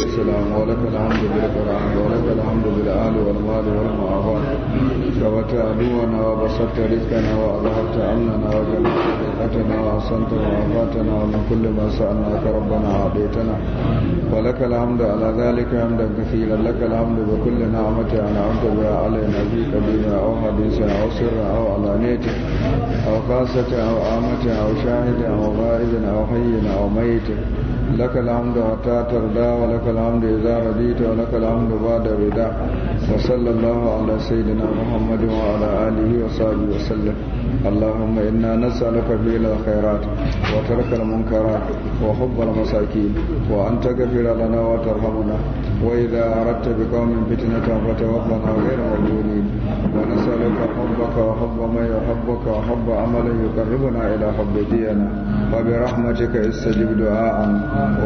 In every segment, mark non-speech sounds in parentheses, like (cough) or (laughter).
والسلام ولك الحمد بالقرآن ولك الحمد بالآل والمال والمعافات كبت عدونا وبسطت رزقنا وأظهرت أمننا وجلت رزقتنا وأحسنت وعافاتنا ومن كل ما سألناك ربنا أعطيتنا ولك الحمد على ذلك حمدا كثيرا لك الحمد بكل نعمة أنعمت بها علينا في كبيرة أو حديثة أو سر أو علانية أو خاصة أو عامة أو شاهد أو غائب أو حي أو ميت لك الحمد حتى ترضى ولك الحمد إذا رضيت ولك الحمد بعد الرضا وصلى الله على سيدنا محمد وعلى آله وصحبه وسلم اللهم إنا نسألك فعل الخيرات وترك المنكرات وحب المساكين وأن تغفر لنا وترحمنا وإذا أردت بقوم فتنة فتوفنا غير مجنونين ونسألك حبك وحب من يحبك وحب عمل يقربنا إلى حب دينا وبرحمتك استجب دعاءنا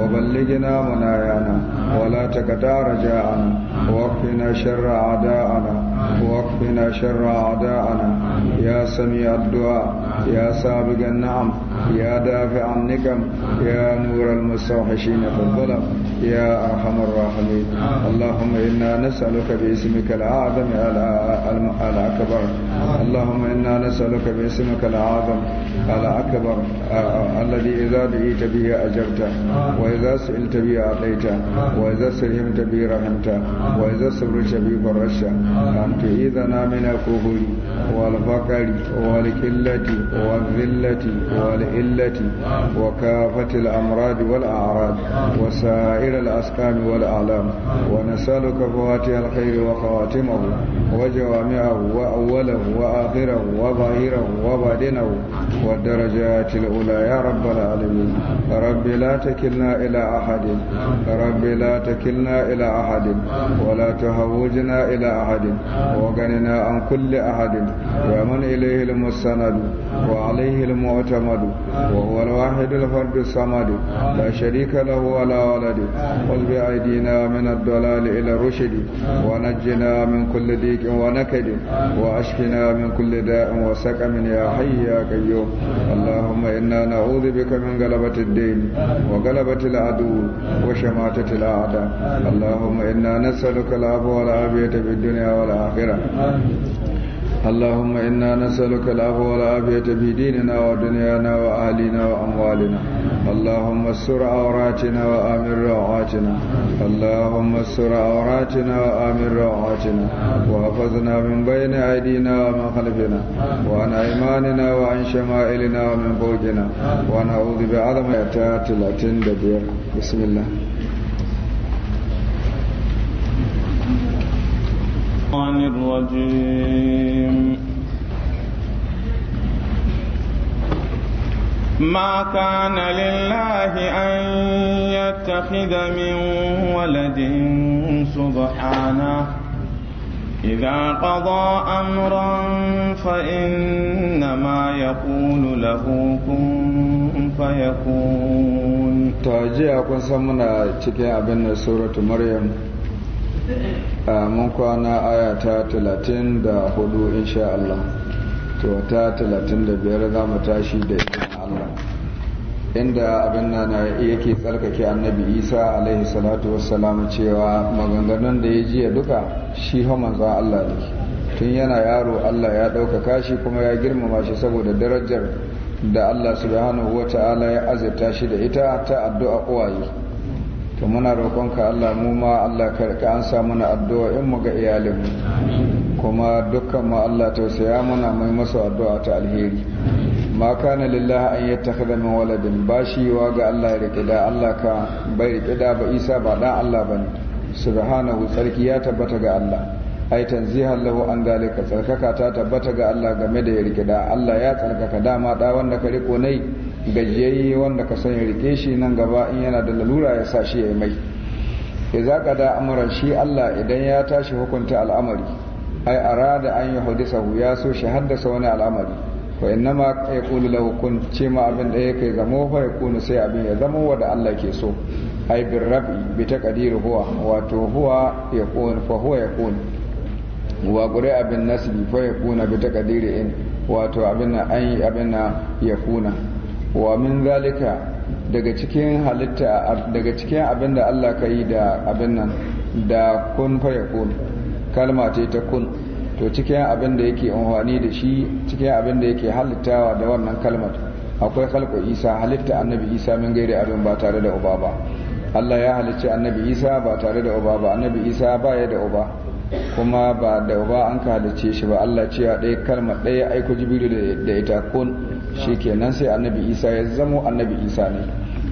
وبلغنا منايانا ولا تقطع رجاءنا واكفنا شر أعداءنا واكفنا شر أعداءنا يا سميع يا الدعاء نعم. يا سابق النعم يا دافع النكم يا نور المستوحشين في الظلم يا أرحم الراحمين اللهم إنا نسألك باسمك الأعظم الأكبر اللهم إنا نسألك باسمك الأعظم الأكبر الذي إذا دعيت به أجبته وإذا سئلت به أعطيته وإذا سلمت به رحمته وإذا سبرت به فرشته أن تعيذنا من الكفر والفقر والقلة والذلة والإلة وكافة الأمراض والأعراض وسائر خير الأسكان والأعلام ونسألك فواتح الخير وخواتمه وجوامعه وأوله وآخره وظاهره وباطنه والدرجات الأولى يا رب العالمين رب لا تكلنا إلى أحد رب لا تكلنا إلى أحد ولا تهوجنا إلى أحد وغننا عن كل أحد يا من إليه المستند وعليه المعتمد وهو الواحد الفرد الصمد لا شريك له ولا ولد قل بأيدينا من الضلال إلى الرشد ونجنا من كل ضيق ونكد وأشفنا من كل داء وسقم يا حي يا قيوم اللهم إنا نعوذ بك من غلبة الدين وغلبة العدو وشماتة الأعداء اللهم إنا نسألك العفو والعافية في الدنيا والآخرة اللهم إنا نسألك العفو والعافية في ديننا ودنيانا وأهلنا وأموالنا اللهم استر عوراتنا وآمن روعاتنا اللهم استر عوراتنا وآمن روعاتنا واحفظنا من بين أيدينا ومن خلفنا وعن أيماننا وعن شمائلنا ومن فوقنا ونعوذ بعظم أتات الأتين دبير بسم الله الرحمن الرجيم ما كان لله أن يتخذ من ولد سبحانه إذا قضى أمرا فإنما يقول له كن فيكون تاجيا كن سمنا تكي أبن سورة مريم suratu maryam آياتات kwana دا ta إن شاء الله to ta 35 za mu tashi da ikon Allah inda abin nan yake tsarkake annabi isa alaihi salatu wassalamu cewa maganganun da ya jiya duka shi manzo Allah ne tun yana yaro Allah ya ɗaukaka shi kuma ya girmama shi saboda darajar da Allah subhanahu wa ta'ala ya azurta shi da ita ta addu'a uwaye to muna roƙonka Allah mu ma Allah ka an sa mana addu'a in mu ga iyalinmu kuma dukkan mu Allah tausaya muna mai masa addu'a ta alheri ma kana lillahi an yattakhadha min waladin bashi wa ga Allah ya da Allah ka bai rike da ba Isa ba dan Allah bane subhanahu sarki ya tabbata ga Allah ai tanzihan lahu an zalika tsarkaka ta tabbata ga Allah game da ya rike da Allah ya tsarkaka dama da wanda ka riko nai gajiyayye wanda ka san ya rike shi nan gaba in yana da lalura ya sa shi ya yi mai idza qada amara shi Allah idan ya tashi hukunta al'amari ai arada an yuhdisahu ya so shi haddasa wani al'amari wa innama yaqulu lahu kun ce ma abin da yake zamo fa ya yakunu sai abin ya zamo wanda Allah ke so ai bin rabi bi taqdir huwa wato huwa yakun fa huwa yakun wa qura abin nasbi fa ya yakuna bi taqdir in wato abin an abin yakuna wa min zalika daga cikin halitta daga cikin abin da Allah ka yi da abin nan da kun fa ya kalma ce ta kun to cikin abin da yake amfani da shi cikin abin da yake halittawa da wannan kalmar akwai halko isa halitta annabi isa min gairi abin ba tare da uba ba Allah ya halicci annabi isa ba tare da uba ba annabi isa ba ya da uba kuma ba da uba an ka halicce shi ba Allah ce a ɗaya kalmar ɗaya aiko jibiru da ita kun shi kenan sai annabi isa ya zamo annabi isa ne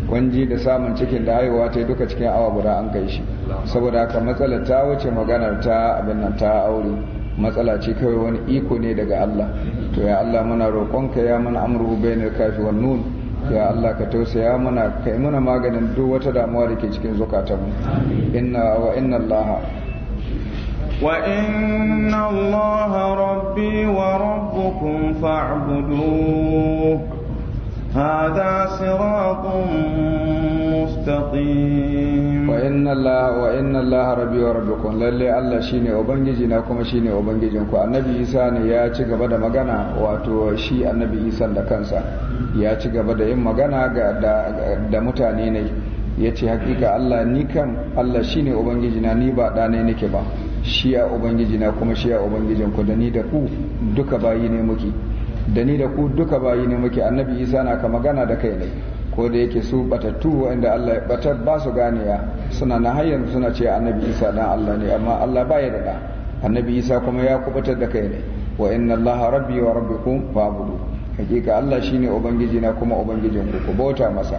kwanji da samun cikin da haihuwa ta duka cikin awa guda an kai shi saboda haka matsalar ta wuce maganar ta abin nan ta aure matsala ce kawai wani iko ne daga Allah to ya Allah muna roƙonka ya mana amru bainal kafi wan nun ya Allah ka tausaya mana kai mana maganin duk wata damuwa da ke cikin zukatanmu inna wa inna Allah wa inna Allah rabbi wa rabbukum fa'buduhu هذا صراط مستقيم وإن الله وإن الله ربي وربكم للي الله شيني أبنجي ناكم شيني ku نكو النبي إيسا يا ci gaba da magana wato shi annabi Isa da kansa ya ci gaba da yin magana da mutane ne ya hakika Allah ni kan Allah shine ubangiji na ni ba da ne nake ba shi ya ubangiji na kuma shi ya ubangijin ku da ni da ku duka bayi ne muke da ni da ku duka bayi ne muke annabi isa na ka magana da kai ne ko da yake su batattu wanda Allah ya batar ba su ganiya suna na hanyar suna ce annabi isa dan Allah ne amma Allah ba ya da annabi isa kuma ya kubatar da kai ne wa inna allaha rabbi wa rabbukum abudu hakika Allah shine ubangiji na kuma ubangijin ku ku bauta masa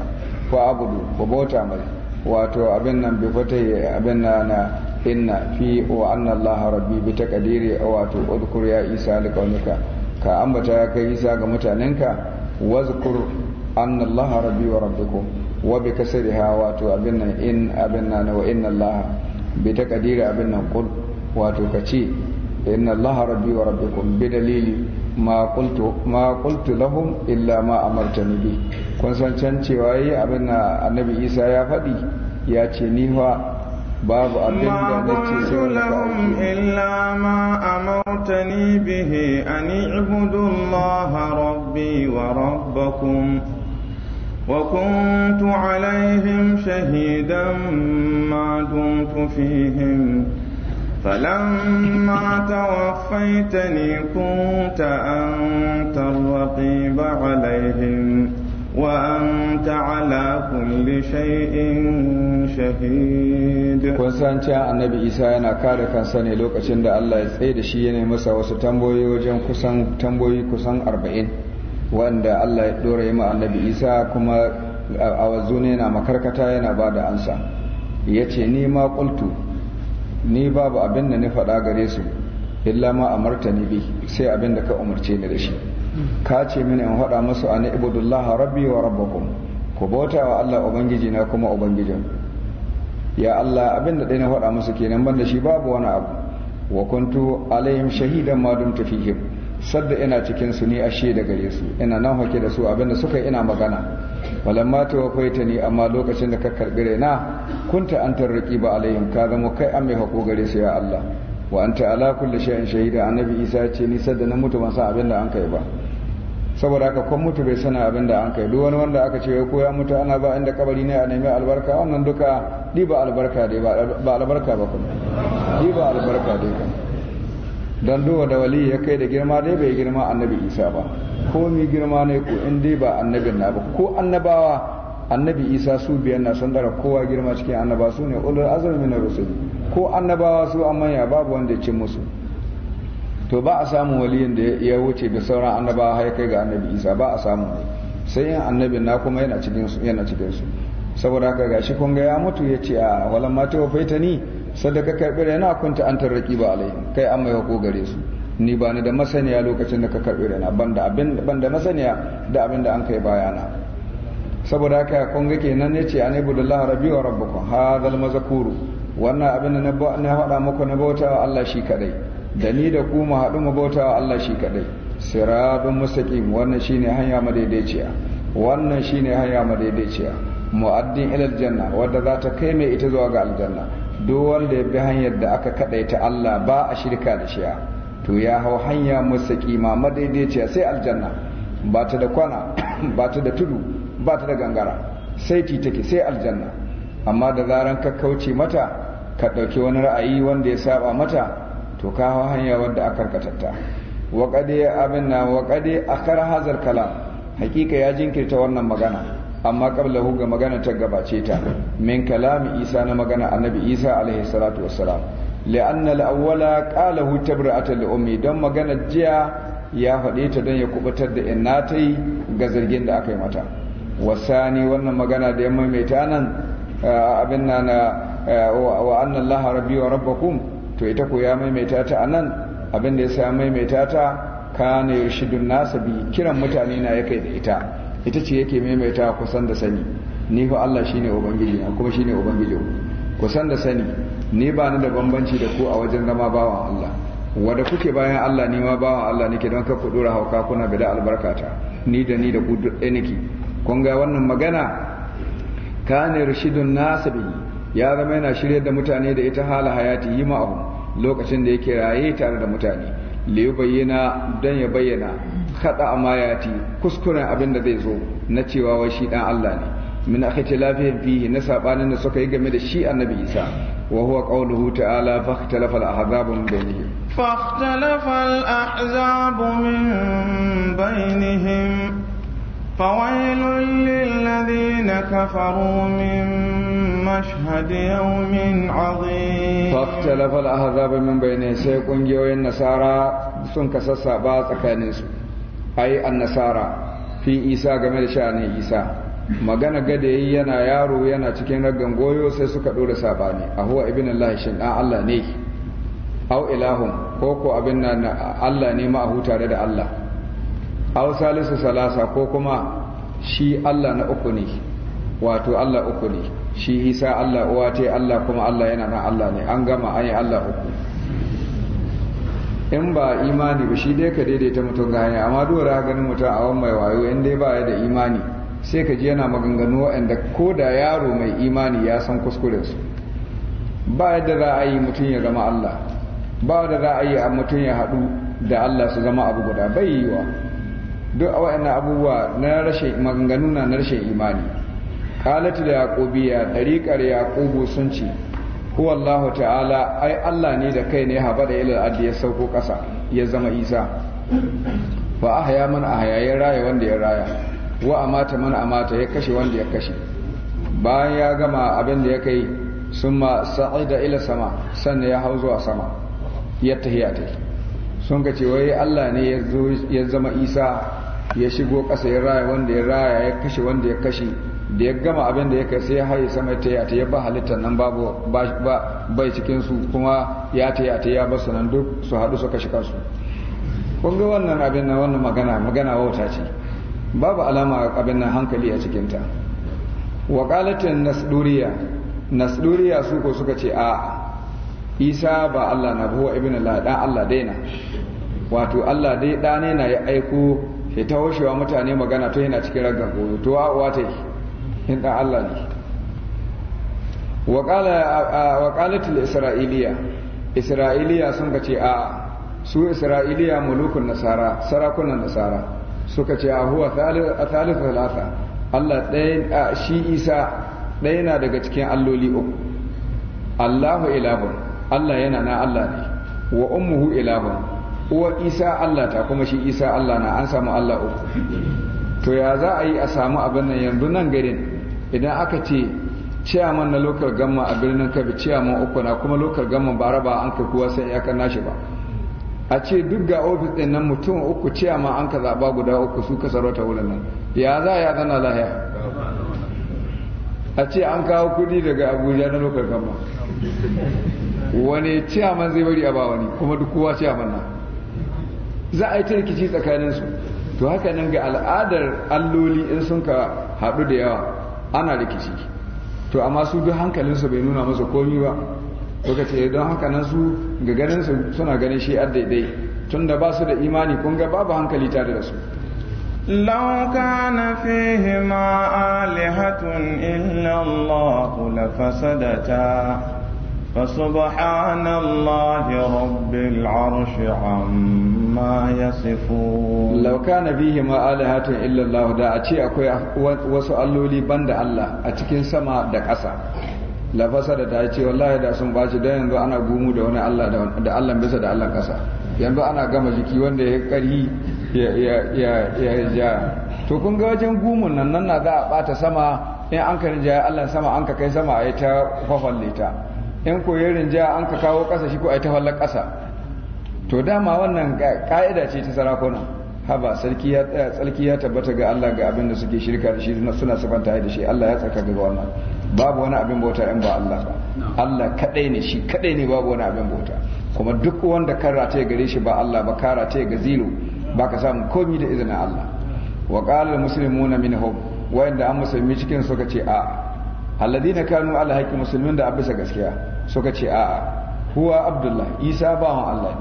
abudu ku bauta masa wato abin nan bi fata abin na na inna fi wa anna allaha rabbi bi taqdiri wato udkur ya isa alqawmika ka ambata ya kai isa ga mutanenka wazkur anna allaha rabbi wa rabbukum wa bi kasriha wato abin nan in abin nan wa inna allaha bi taqdiri abin nan qul wato ka ce inna allaha rabbi wa rabbukum bi dalili ma qultu ma qultu lahum illa ma amartani bi kun san can cewa yi abin nan annabi isa ya faɗi ya ce ni fa باب ما لهم إلا ما أمرتني به أن اعبدوا الله ربي وربكم وكنت عليهم شهيدا ما دمت فيهم فلما توفيتني كنت أنت الرقيب عليهم وأنت على كل شيء شهيد kun annabi isa yana kare kansa ne lokacin da allah ya tsaye da shi yana masa wasu tambayoyi wajen kusan arba'in wanda allah ya dora yi ma annabi isa kuma a wazu ne makarkata yana ba da ansa ya ni ma ni babu abin da ni faɗa gare su illa ma amarta ni bi sai abin da ka umarce ni da shi ka ce mini in faɗa musu na ibudullah rabbi wa rabbakum ku bauta wa Allah ubangiji na kuma ubangijin ya Allah abin da na faɗa musu kenan banda shi babu wani abu wa kuntu alaihim shahidan ma dumtu fihim sadda ina cikin su ni ashe da gare su ina nan hake da su abinda suka ina magana walamma tawaffaita ni amma lokacin da ka karbi raina kunta antar ba alaihim ka zama kai an mai hako gare su ya Allah wa anta ala kulli shay'in shahida annabi Isa ce ni sadda na mutu ban san abinda an kai ba saboda haka kwan mutu bai sana abin da an kai duk wani wanda aka ce ko ya mutu ana ba inda kabari ne a nemi albarka wannan duka ɗiba albarka dai ba albarka ba kuma ɗiba albarka dai kan don duwa da wali ya kai da girma dai bai girma annabi isa ba ko mi girma ne ko in dai ba annabin na ba ko annabawa annabi isa su biyan na san dara kowa girma cikin annaba su ne ulul azumi na rusuli ko annabawa su amma ya babu wanda ya ci musu to ba a samun waliyin da ya wuce da sauran annabawa har kai ga annabi isa ba a samu ne sai yin annabin na kuma yana cikin su yana cikin su saboda haka gashi kun ga ya mutu ya ce a walan ma faita ni sadaka karbi yana kunta an tarraki ba alai kai an mai hako gare su ni ba ni da masaniya lokacin da ka karbi rana banda abin banda masaniya da abin da an kai bayana saboda haka kun ga kenan yace anibudullahi rabbi wa rabbukum hadal mazkuru wannan abin da na faɗa muku na bauta Allah shi kadai da ni da ku mu haɗu mu bauta Allah shi kaɗai siradun mustaqim wannan shine hanya madaidaiciya wannan shine hanya madaidaiciya mu'addin ilal janna wadda za ta kai mai ita zuwa ga aljanna duk wanda ya bi hanyar da aka kaɗaita Allah ba a shirka da shiya to ya hau hanya mustaqima madaidaiciya sai aljanna ba ta da kwana (coughs) ba ta da tudu ba ta da gangara sai ti sai aljanna amma da zaran ka kauce mata ka ɗauki wani ra'ayi wanda ya saba mata to kawo hanya wadda aka karkatatta wa qadi abinna wa qadi akhara hazal kalam hakika ya jinkirta wannan magana amma qablahu ga magana ta gabace ta min kalami isa na magana annabi isa alaihi salatu wassalam li'anna al-awwala qalahu tabra'atan li ummi don magana jiya ya faɗe ta don ya kubutar da inna ta yi ga zargin da aka yi mata wasani wannan magana da ya maimaita nan abin na wa anna allaha rabbi wa rabbakum to ita ko ya maimaita ta a nan abin da ya sa maimaita ta kana yarshidun nasa bi kiran mutane na ya kai da ita ita ce yake maimaita kusan da sani ni fa Allah shine ubangiji na kuma shine ubangiji kusan da sani ni ba ni da bambanci da ku a wajen zama bawan Allah wanda kuke bayan Allah ni ma bawan Allah nake don ka ku dora hauka kuna bida albarkata ni da ni da ku duk ɗaya nake kun ga wannan magana ne rashidun nasabi ya zama yana shirya da mutane da ita hala hayati yi ma'ahu lokacin da yake raye tare da mutane li bayyana don ya bayyana kada amayati kuskuren abin da zai zo na cewa wai shi dan Allah ne min akhati lafiyar fihi na sabanin da suka yi game da shi annabi Isa wa huwa qawluhu ta'ala fa ikhtalafa al-ahzabu min bainihim fa ikhtalafa al-ahzabu min bainihim فويل للذين كفروا من مشهد يوم عظيم فاختلف الأحزاب من بين سيكون جوي النصارى سنك سسابا تكانيس أي النصارى في إيسا قمل شأن إيسا magana gade yana yaro yana cikin raggan goyo sai suka ɗora sabani a huwa ibn Allah shin ɗan Allah ne au ilahun ko ko abin nan Allah ne ma'ahu tare da Allah aw salisu salasa ko kuma shi Allah na uku ne wato Allah uku ne shi Isa Allah uwa ce Allah kuma Allah yana nan Allah ne an gama an yi Allah uku in ba imani ba shi dai ka daidaita mutum ga hanya amma dora ganin mutum a mai wayo in dai ba ya da imani sai ka ji yana maganganu waɗanda ko da yaro mai imani ya san su. ba yadda za a yi mutum ya zama Allah ba da za a mutum ya haɗu da Allah su zama abu guda bai yiwa duk a wa'annan abubuwa na rashin maganganu na rashin imani qalatu da yaqubiya dariqar yaqubu sun ce Ku wallahu ta'ala ai Allah ne da kai ne habada ila al ya sauko kasa ya zama Isa fa ahya man ahya ya raya wanda ya raya wa amata man amata ya kashe wanda ya kashe bayan ya gama abin da ya kai summa sa'ida ila sama sannan ya hau zuwa sama ya tahiyata sun ka ce wai Allah ne ya zama Isa ya shigo ƙasa ya raya wanda ya raya ya kashe wanda ya kashe da ya gama abin da ya kai sai ya haye sama ta ya ta ya ba halittar nan babu ba bai cikin su kuma ya ta yata ta ya basu nan duk su haɗu su kashe kansu kun ga wannan abin nan wannan magana magana wauta ce babu alama abin nan hankali a cikinta wakalatin nasduriya nasduriya su ko suka ce a isa ba allah na buwa ibn allah dan allah daina wato allah dai ɗane na ya aiko shi ta hoshewa mutane magana to yana cikin ragar goyo to wa'uwa ta yi in ɗan Allah ne waƙalatul isra'iliya isra'iliya sun ka ce a su isra'iliya mulukun nasara sarakunan nasara suka ce a huwa thalith thalatha Allah ɗaya shi isa ɗaya na daga cikin alloli uku Allahu ilahun Allah yana na Allah ne wa ummuhu ilahun uwa isa Allah ta kuma shi isa Allah na an samu Allah uku to ya za a yi a samu abin nan yanzu nan garin idan aka ce ciyaman na lokal gamma a birnin kabi ciyaman uku na kuma lokal gamma ba raba an kai kuwa sai kanna nashi ba a ce duk ga ofis ɗin nan mutum uku ciyama an ka zaba guda uku su ka sarauta wurin nan ya za ya zana lahiya a ce an kawo kudi daga abuja na lokal gamma wani ciyaman zai bari a ba wani kuma duk kowa ciyaman na za a yi ta rikici tsakaninsu to haka nan ga al'adar alloli in sun ka haɗu da yawa ana rikici to amma su duk hankalinsu bai nuna masa komi ba suka ce eh, don haka nan su ga ganin su suna ganin shi ar daidai tun da ba su da imani kun ga babu hankali tare da su لو كان فيهما آلهة إلا الله لفسدتا فسبحان الله رب العرش عما يصفون لو كان فيهما آلهة إلا الله دا أتي أكو وسألوا لي بند الله أتكين سما دا كسا لا فسد ta ce wallahi da sun baci dan yanzu ana gumu da wani Allah da Allah bisa da Allah kasa yanzu ana gama jiki wanda يا يا يا ya ya to kun ga wajen gumun nan nan na za a bata sama in an karin jaya Allah sama an ka kai sama a yi ta kwafalle ta in koyarin ja an ka kawo ƙasa shi ko a yi ta fallar ƙasa to dama wannan ƙa'ida ce ta sarakuna haba sarki ya tsarki ya tabbata ga Allah ga abin da suke shirka da shi suna sifanta da shi Allah ya tsaka ga wannan babu wani abin bauta in ba Allah ba Allah kadai ne shi kadai ne babu wani abin bauta kuma duk wanda karata gare shi ba Allah ba karata ga zero ba ka samu komi da izinin Allah wa musulmi muna muslimuna hau wa'inda an musulmi cikin suka ce a na kanu ala haqqi musulmin da abisa gaskiya suka ce a'a huwa abdullah isa bawan allah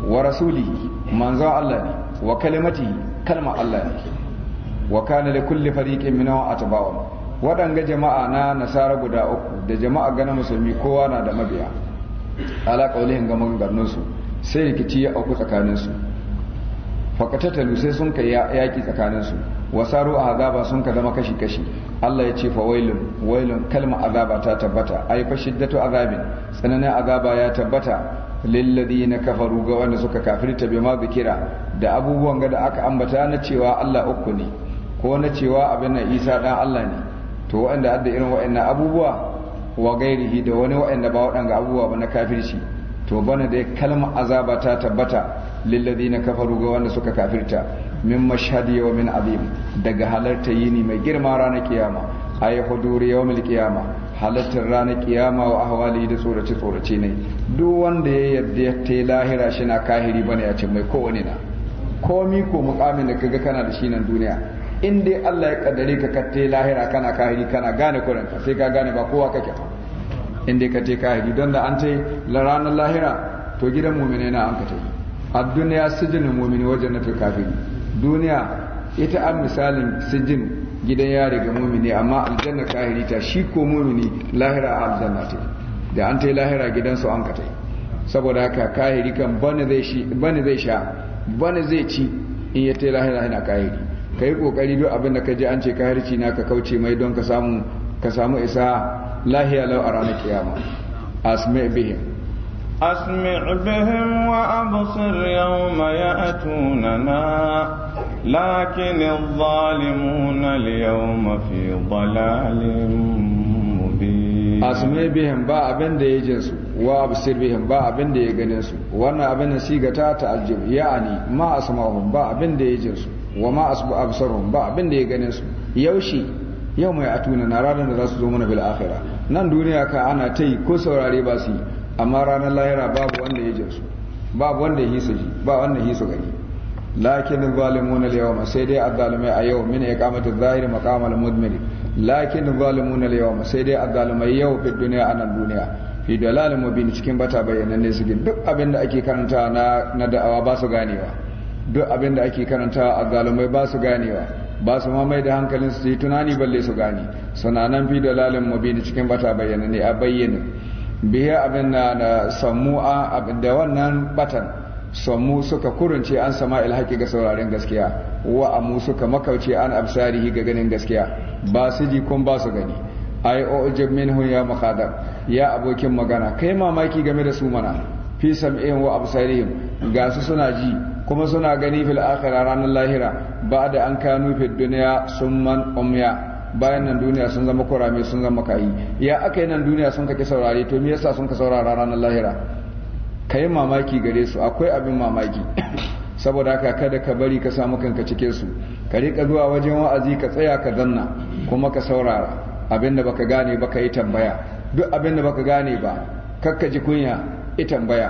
ne wa rasulihi manzo allah ne wa kalimati kalma allah ne wa kana li kulli fariqin minhum atba'un wadanga jama'a na nasara guda uku da jama'a gana musulmi kowa na da mabiya ala qaulihin ga sai rikici ya auku tsakaninsu. faƙatatalu sai sun ka yaƙi tsakaninsu wasaru a azaba sun ka zama kashi-kashi Allah ya ce fa wailun wailun kalma azaba ta tabbata ai fa shiddatu azabin tsananin azaba ya tabbata na kafaru ga wanda suka kafirta bi ma bikira. da abubuwan gada aka ambata na cewa Allah uku ne ko na cewa abin na Isa dan Allah ne to waɗanda adda irin waɗannan abubuwa wa gairihi da wani waɗanda ba waɗanda abubuwa ba na kafirci to bana da kalma azaba ta tabbata na kafaru ga wanda suka kafirta min mashhadi min azim daga halarta yini mai girma ranar kiyama ay huduri yawmil kiyama halartar ranar kiyama wa ahwali da tsorace tsorace ne duk wanda ya yarda ya ta lahira shi na kahiri bane a ce mai kowane na komi ko mukamin da kaga kana da shi nan duniya in dai Allah ya kaddare ka ta lahira kana kahiri kana gane kuranta sai ka gane ba kowa kake ba inda ka te kahiri don da an ta yi ranar lahira to gidan mumine na an ka ta yi a duniya sijinin mumini wajen nafi kafiri duniya ita an misalin sijin gidan yare ga mumini amma aljanna kahiri ta shi ko mumini lahira a aljanna ta da an ta yi lahira gidansu an ka ta yi saboda haka kahiri kan bani zai sha bani zai ci in ya ta yi lahira yana kahiri ka yi kokari duk abin da ka je an ce kahirci na ka kauce mai don ka samu ka samu isa lahiya lau a ranar kiyama asmi bihim أسمع بهم وأبصر يوم يأتوننا لكن الظالمون اليوم في ضلال مبين أسمع بهم با أبن دي جنسو وأبصر بهم با أبن دي جنسو وأنا أبن سيغة تعجب يعني ما أسمعهم با أبن دي جنسو وما أبصرهم با أبن دي جنسو يوشي yau mai atuna na ranar da za su zo mana bil akhira nan duniya ka ana ta yi ko saurare ba su yi amma ranar lahira babu wanda ya jinsu babu wanda ya su ji ba wanda yi su gani lakin zalimuna al sai dai azzalimai a yau min da zahiri maqam al-mudmir lakin zalimuna al sai dai azzalimai yau fi duniya anan duniya fi dalal mubin cikin bata ne su duk abin da ake karanta na da'awa ba su ganewa duk abin da ake karanta azzalimai ba su ganewa ba su ma mai da hankalin su yi tunani balle su gani suna nan fi dalalin mubin cikin bata bayyana ne a bayyana biya abin na da samu'a da wannan batan samu suka kurunce an sama ilhaki ga sauraren gaskiya wa a mu suka makauce an absarihi ga ganin gaskiya ba su ji kun ba su gani ai o jabmin ya makadar ya abokin magana kai mamaki game da su mana fi sam'in wa absarihim ga su suna ji kuma suna gani fil akhirah ranar lahira ba da an kanu fi duniya man umya bayan nan duniya sun zama kurame sun zama kayi ya aka yi nan duniya sun kake saurare to me yasa sun ka saurara ranar lahira kai mamaki gare su akwai abin mamaki saboda haka kada ka bari ka samu kanka cikin su ka rika zuwa wajen wa'azi ka tsaya ka zanna kuma ka saurara abinda baka gane ba ka yi tambaya duk abin baka gane ba kakka ji kunya ki tambaya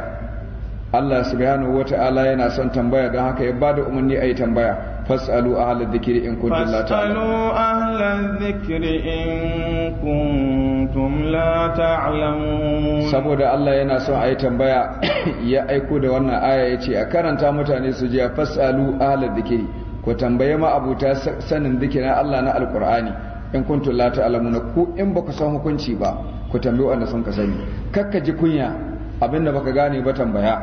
Allah subhanahu wata'ala yana son tambaya don haka ya bada umarni a yi tambaya fasalu ahla dhikri in kuntum la ta'lamun fasalu ahla dhikri in kuntum la ta'lamun saboda Allah yana son a yi tambaya ya aiko da wannan aya yace a karanta mutane su ji fasalu ahla dhikri ko tambaye ma abuta sanin dhikirin Allah na alqur'ani in kuntum la ta'lamun ku in baka san hukunci ba ku tambaye wanda sun ka sani kakka ji kunya abinda baka gane ba tambaya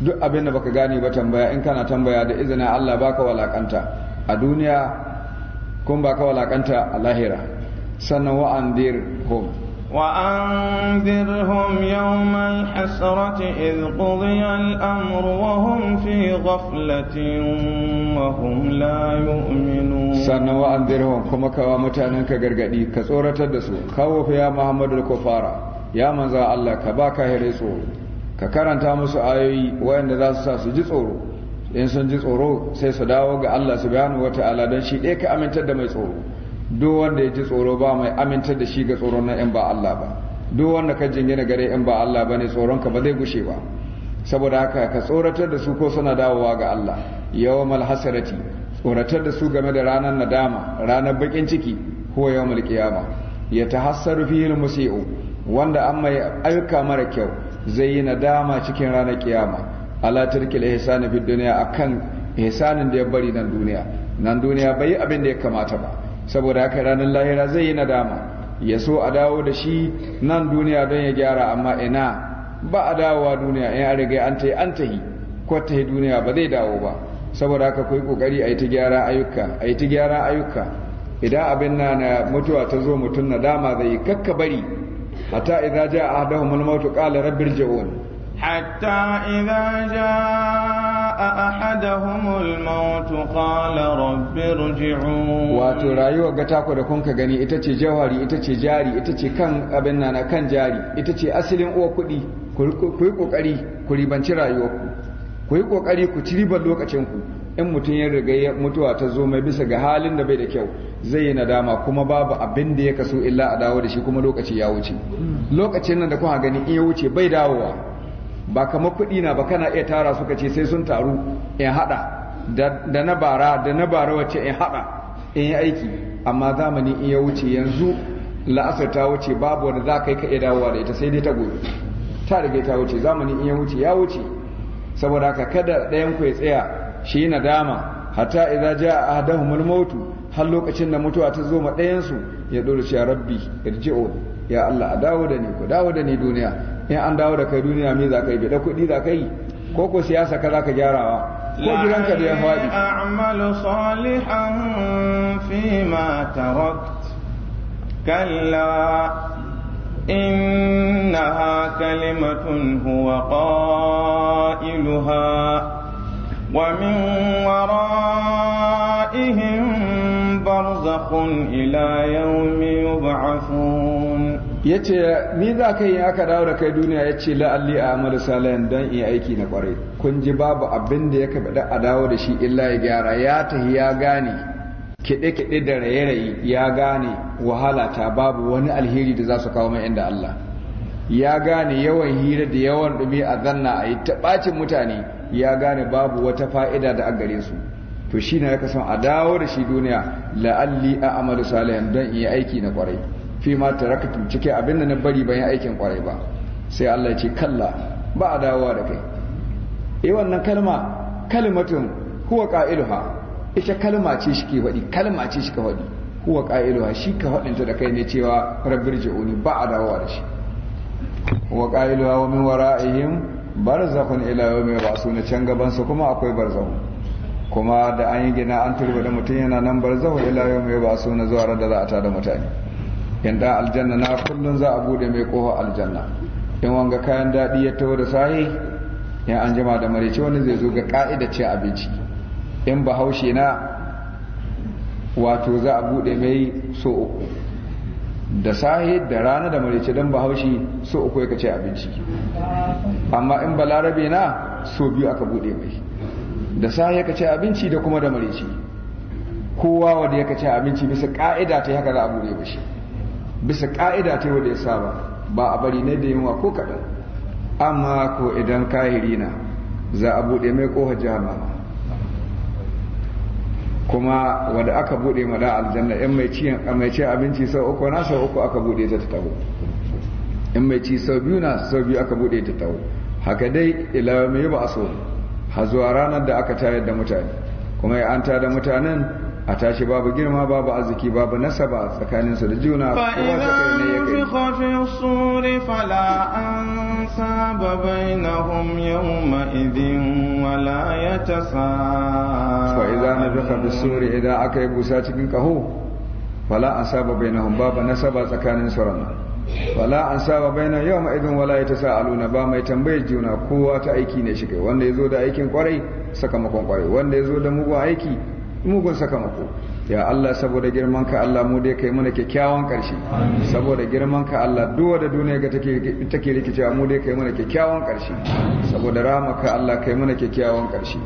duk abinda baka gane ba tambaya in kana tambaya da izinin Allah baka walakanta a duniya kun baka walakanta a lahira sannan wa'andir hum وأنذرهم يوم الحسرة إذ قضي الأمر وهم في غفلة وهم kuma kawo mutanen ka gargadi, ka tsoratar da su kawo fiya Muhammadu محمد fara. ya manza Allah ka ba ka hire tsoro ka karanta musu ayoyi wayanda za su sa su ji tsoro in sun ji tsoro sai su dawo ga Allah su wata ta'ala don shi ɗaya ka amintar da mai tsoro duk wanda ya ji tsoro ba mai amintar da shi ga tsoron na in ba Allah ba duk wanda ka jingina gare in ba Allah ba ne tsoron ka ba zai gushe ba saboda haka ka tsoratar da su ko suna dawowa ga Allah yawmal hasarati tsoratar da su game da ranar nadama ranar bakin ciki ko yawmal ya yatahassaru fihi al-musii'u wanda an mai ayuka mara kyau zai yi nadama cikin ranar kiyama ala turkil ihsani fid dunya akan ihsanin da ya bari nan duniya nan duniya bai abin da ya kamata ba saboda haka ranar lahira zai yi nadama ya so a dawo da shi nan duniya don ya gyara amma ina ba a dawowa duniya in an riga an tayi an tahi ko duniya ba zai dawo ba saboda haka kai kokari a yi ta gyara ayyuka a yi ta gyara ayyuka idan abin na mutuwa ta zo mutum nadama zai kakka bari hatta idza jaa ahaduhum al-maut qala rabbi hatta idza jaa ahaduhum al-maut qala rabbi wato rayuwar ga da kun gani ita ce jawhari ita ce jari ita ce kan abin nana kan jari ita ce asalin uwa kuɗi ku yi kokari ku ribanci rayuwarku ku yi kokari ku ci lokacinku in mutum ya riga mutuwa ta zo mai bisa ga halin da bai da kyau zai yi nadama kuma babu abin da ya kaso illa a dawo da shi kuma lokaci ya wuce lokacin nan da kuma gani in ya wuce bai dawowa ba kama kuɗi na ba kana iya tara suka ce sai sun taru in haɗa da na bara da na bara wacce in haɗa in yi aiki amma zamani in ya wuce yanzu la'asar ta wuce babu wanda za ka yi ka iya dawowa da ita sai dai ta gobe ta riga ta wuce zamani in ya wuce ya wuce saboda haka kada ɗayan ku ya tsaya shi nadama hatta ja a ahaduhumul maut har lokacin da mutuwa ta zo ma ɗayan ya dole shi rabbi irji'u ya Allah a dawo da ni ku dawo da ni duniya in an dawo da kai duniya me za ka yi da kuɗi za ka ko ko siyasa ka za ka gyarawa ko gidanka da ya faɗi a'malu salihan fi ma tarakt kalla innaha kalimatun huwa قائلها ومن ورائهم برزق إلى يوم يبعثون yace ni za ka yi aka dawo da kai duniya ya ce la'alli a amalu dan don in aiki na kwarai kun ji babu abin da ya kaɓa a dawo da shi illa ya gyara ya tahi ya gane kiɗe-kiɗe da raye-raye ya gane wahala ta babu wani alheri da za su kawo mai inda Allah ya gane yawan hira da yawan ɗumi a zanna a yi ta ɓacin mutane ya gane babu wata fa'ida da gare su to shi na ya kasan a dawo da shi duniya la'alli a amalu salihan don in yi aiki na kwarai fi ma tarakatu cike abin da na bari ban yi aikin kwarai ba sai Allah ce kalla ba a dawowa da kai E, wannan kalma kalmatin huwa qailuha ita kalma ce shi ke faɗi kalma ce shi ka faɗi huwa qailuha shi ka faɗinta da kai ne cewa rabbir ji'uni ba a dawowa da shi wa qailuha wa min wara'ihim barzakun mai yawmi na can gabansa kuma akwai barzahu kuma da an yi gina an turbada mutum yana nan barzahu mai yawmi na zuwa ran da za a tada mutane in da aljanna na kullun za a bude mai kowa aljanna in wanga kayan daɗi ya taho da sahi in an jima da marici wani zai zo ga ka'ida ce abinci in bahaushe na wato za a bude mai so uku da sahe da rana da marice don bahaushe so uku ya ce abinci amma in balarabe na so biyu aka bude mai da sahe ka ce abinci da kuma da marice kowa wanda ya ce abinci bisa ka'ida ta haka za a bude mashi bisa ka'ida ta wanda ya saba ba a bari ne da yunwa ko kaɗan amma ko idan kahiri na za a bude mai ƙofar jahannama kuma wanda aka bude mada aljanna in mai ci mai ci abinci sau uku na sau uku aka bude ta ta taho in mai ci sau biyu na sau biyu aka bude ta taho haka dai ila mai yi ba so ha zuwa ranar da aka tayar da mutane kuma ya an da mutanen a tashi babu girma babu arziki babu nasaba tsakaninsu da juna kowa ta kai ne ya kai حساب بينهم يومئذ ولا يتساءلون فإذا نفخ في بالسور إذا أكي بوساتك كهو فلا أنساب بينهم باب نسب سكان سرنا فلا أنساب بين يومئذ ولا يتساءلون با mai tambayar juna kowa ta aiki ne shiga wanda yazo da aikin kwarai sakamakon kwarai wanda yazo da mugun aiki mugun sakamako ya Allah saboda girman ka Allah mu dai kai mana kyakkyawan karshe saboda girman ka Allah duwa da duniya ga take take rikicewa mu dai kai mana kyakkyawan karshe saboda ka Allah kai mana kyakkyawan karshe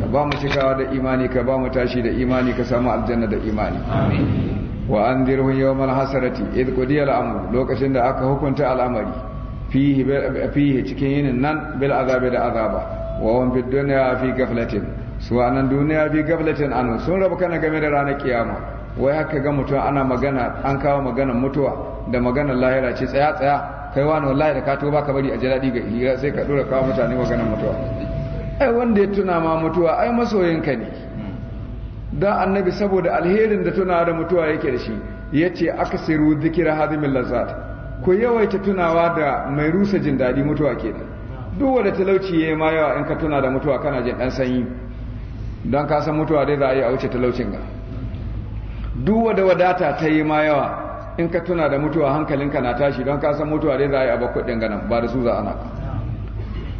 ka ba mu cikawa da imani ka ba mu tashi da imani ka samu aljanna da imani wa andirhum yawmal hasarati id qudiya al-amr lokacin da aka hukunta al'amari fihi fihi cikin yinin nan bil azabi da azaba wa hum bid dunya fi ghaflatin su a nan duniya bi gablatin anu sun rabu kana game da ranar kiyama wai haka ga mutum ana magana an kawo maganar mutuwa da maganar lahira ce tsaya tsaya kai wani wallahi da ka to baka bari a jiradi ga hira sai ka dora kawo mutane maganar mutuwa ai wanda ya tuna ma mutuwa ai masoyinka ne don annabi saboda alherin da tunawa da mutuwa yake da shi yace ce aka siru zikira hazimin lazzat ku yawaita tunawa da mai rusa jin dadi mutuwa kenan duk wanda talauci ya ma yawa in ka tuna da mutuwa kana jin ɗan sanyi don ka san mutuwa dai za a yi a wuce talaucin ga duk wada wadata ta yi ma yawa in ka tuna da mutuwa hankalinka na tashi don ka san mutuwa dai za a yi a bakwai ganin ba da su za ana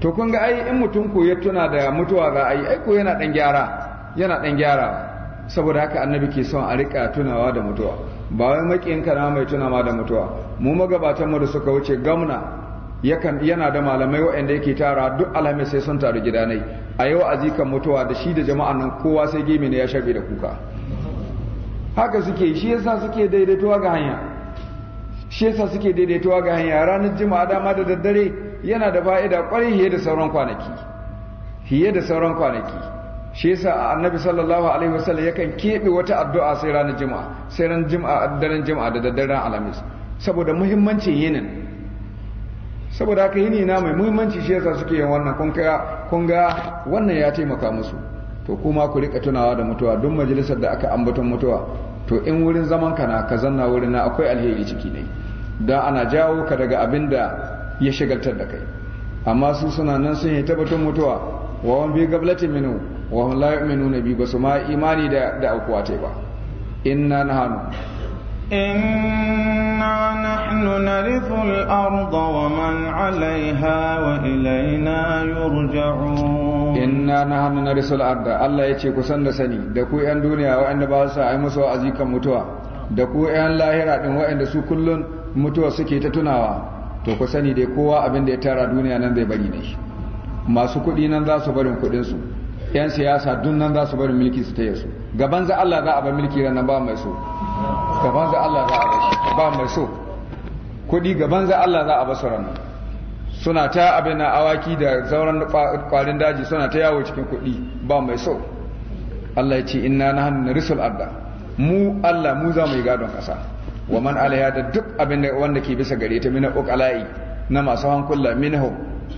to kun ga ai in mutum ku ya tuna da mutuwa za a yi aiko yana dan gyara yana dan gyara saboda haka annabi ke son a rika tunawa da mutuwa ba wai makiyinka na mai tunawa da mutuwa mu magabatan da suka wuce gamna yana da malamai waɗanda yake tara duk alhamis sai sun taru gida nai a yi wa'azi kan mutuwa da shi da jama'an nan kowa sai gemi ne ya shaɓe da kuka haka suke shi yasa suke daidaituwa ga hanya shi yasa suke daidaituwa ga hanya ranar jima'a dama da daddare yana da fa'ida kwarai fiye da sauran kwanaki fiye da sauran kwanaki shi yasa annabi sallallahu alaihi wasallam yakan keɓe wata addu'a sai ranar jima'a sai daren da daddaren alhamis saboda muhimmancin yinin saboda haka yini na mai muhimmanci shi yasa suke yin wannan kun ga wannan ya taimaka musu to kuma ku rika tunawa da mutuwa duk majalisar da aka ambaton mutuwa to in wurin zaman ka na ka zanna wurin na akwai alheri ciki ne Don ana jawo ka daga abin da ya shigaltar da kai amma su suna nan sun yi tabbatun mutuwa wa wan bi gablati minu wa hum la yu'minuna bi basu ma imani da da yi ba inna nahanu إنا نحن نرث الأرض ومن عليها وإلينا يرجعون إنا نحن نرث الأرض الله يتي كسن سني دكو أن دنيا وأن باسا أي مسوى متوا دكو أن لا لاهرة وأن سو كل متوا سكي تتناوى to ku sani dai kowa abin da ya tara duniya nan zai bari ne masu kuɗi nan za su barin su 'yan siyasa dun nan za su barin mulki su ta yasu gaban za Allah za a bar mulki ran nan ba mai so gaban za Allah za a bashi ba mai so kuɗi gaban za Allah za a basu ranar suna ta abin na awaki da sauran kwarin daji suna ta yawo cikin kuɗi ba mai so Allah ya ce ina na hannun risul adda mu Allah mu za mu yi gadon kasa wa man alaya da duk abin da wanda ke bisa gare ta mina okalai na masu hankula minahu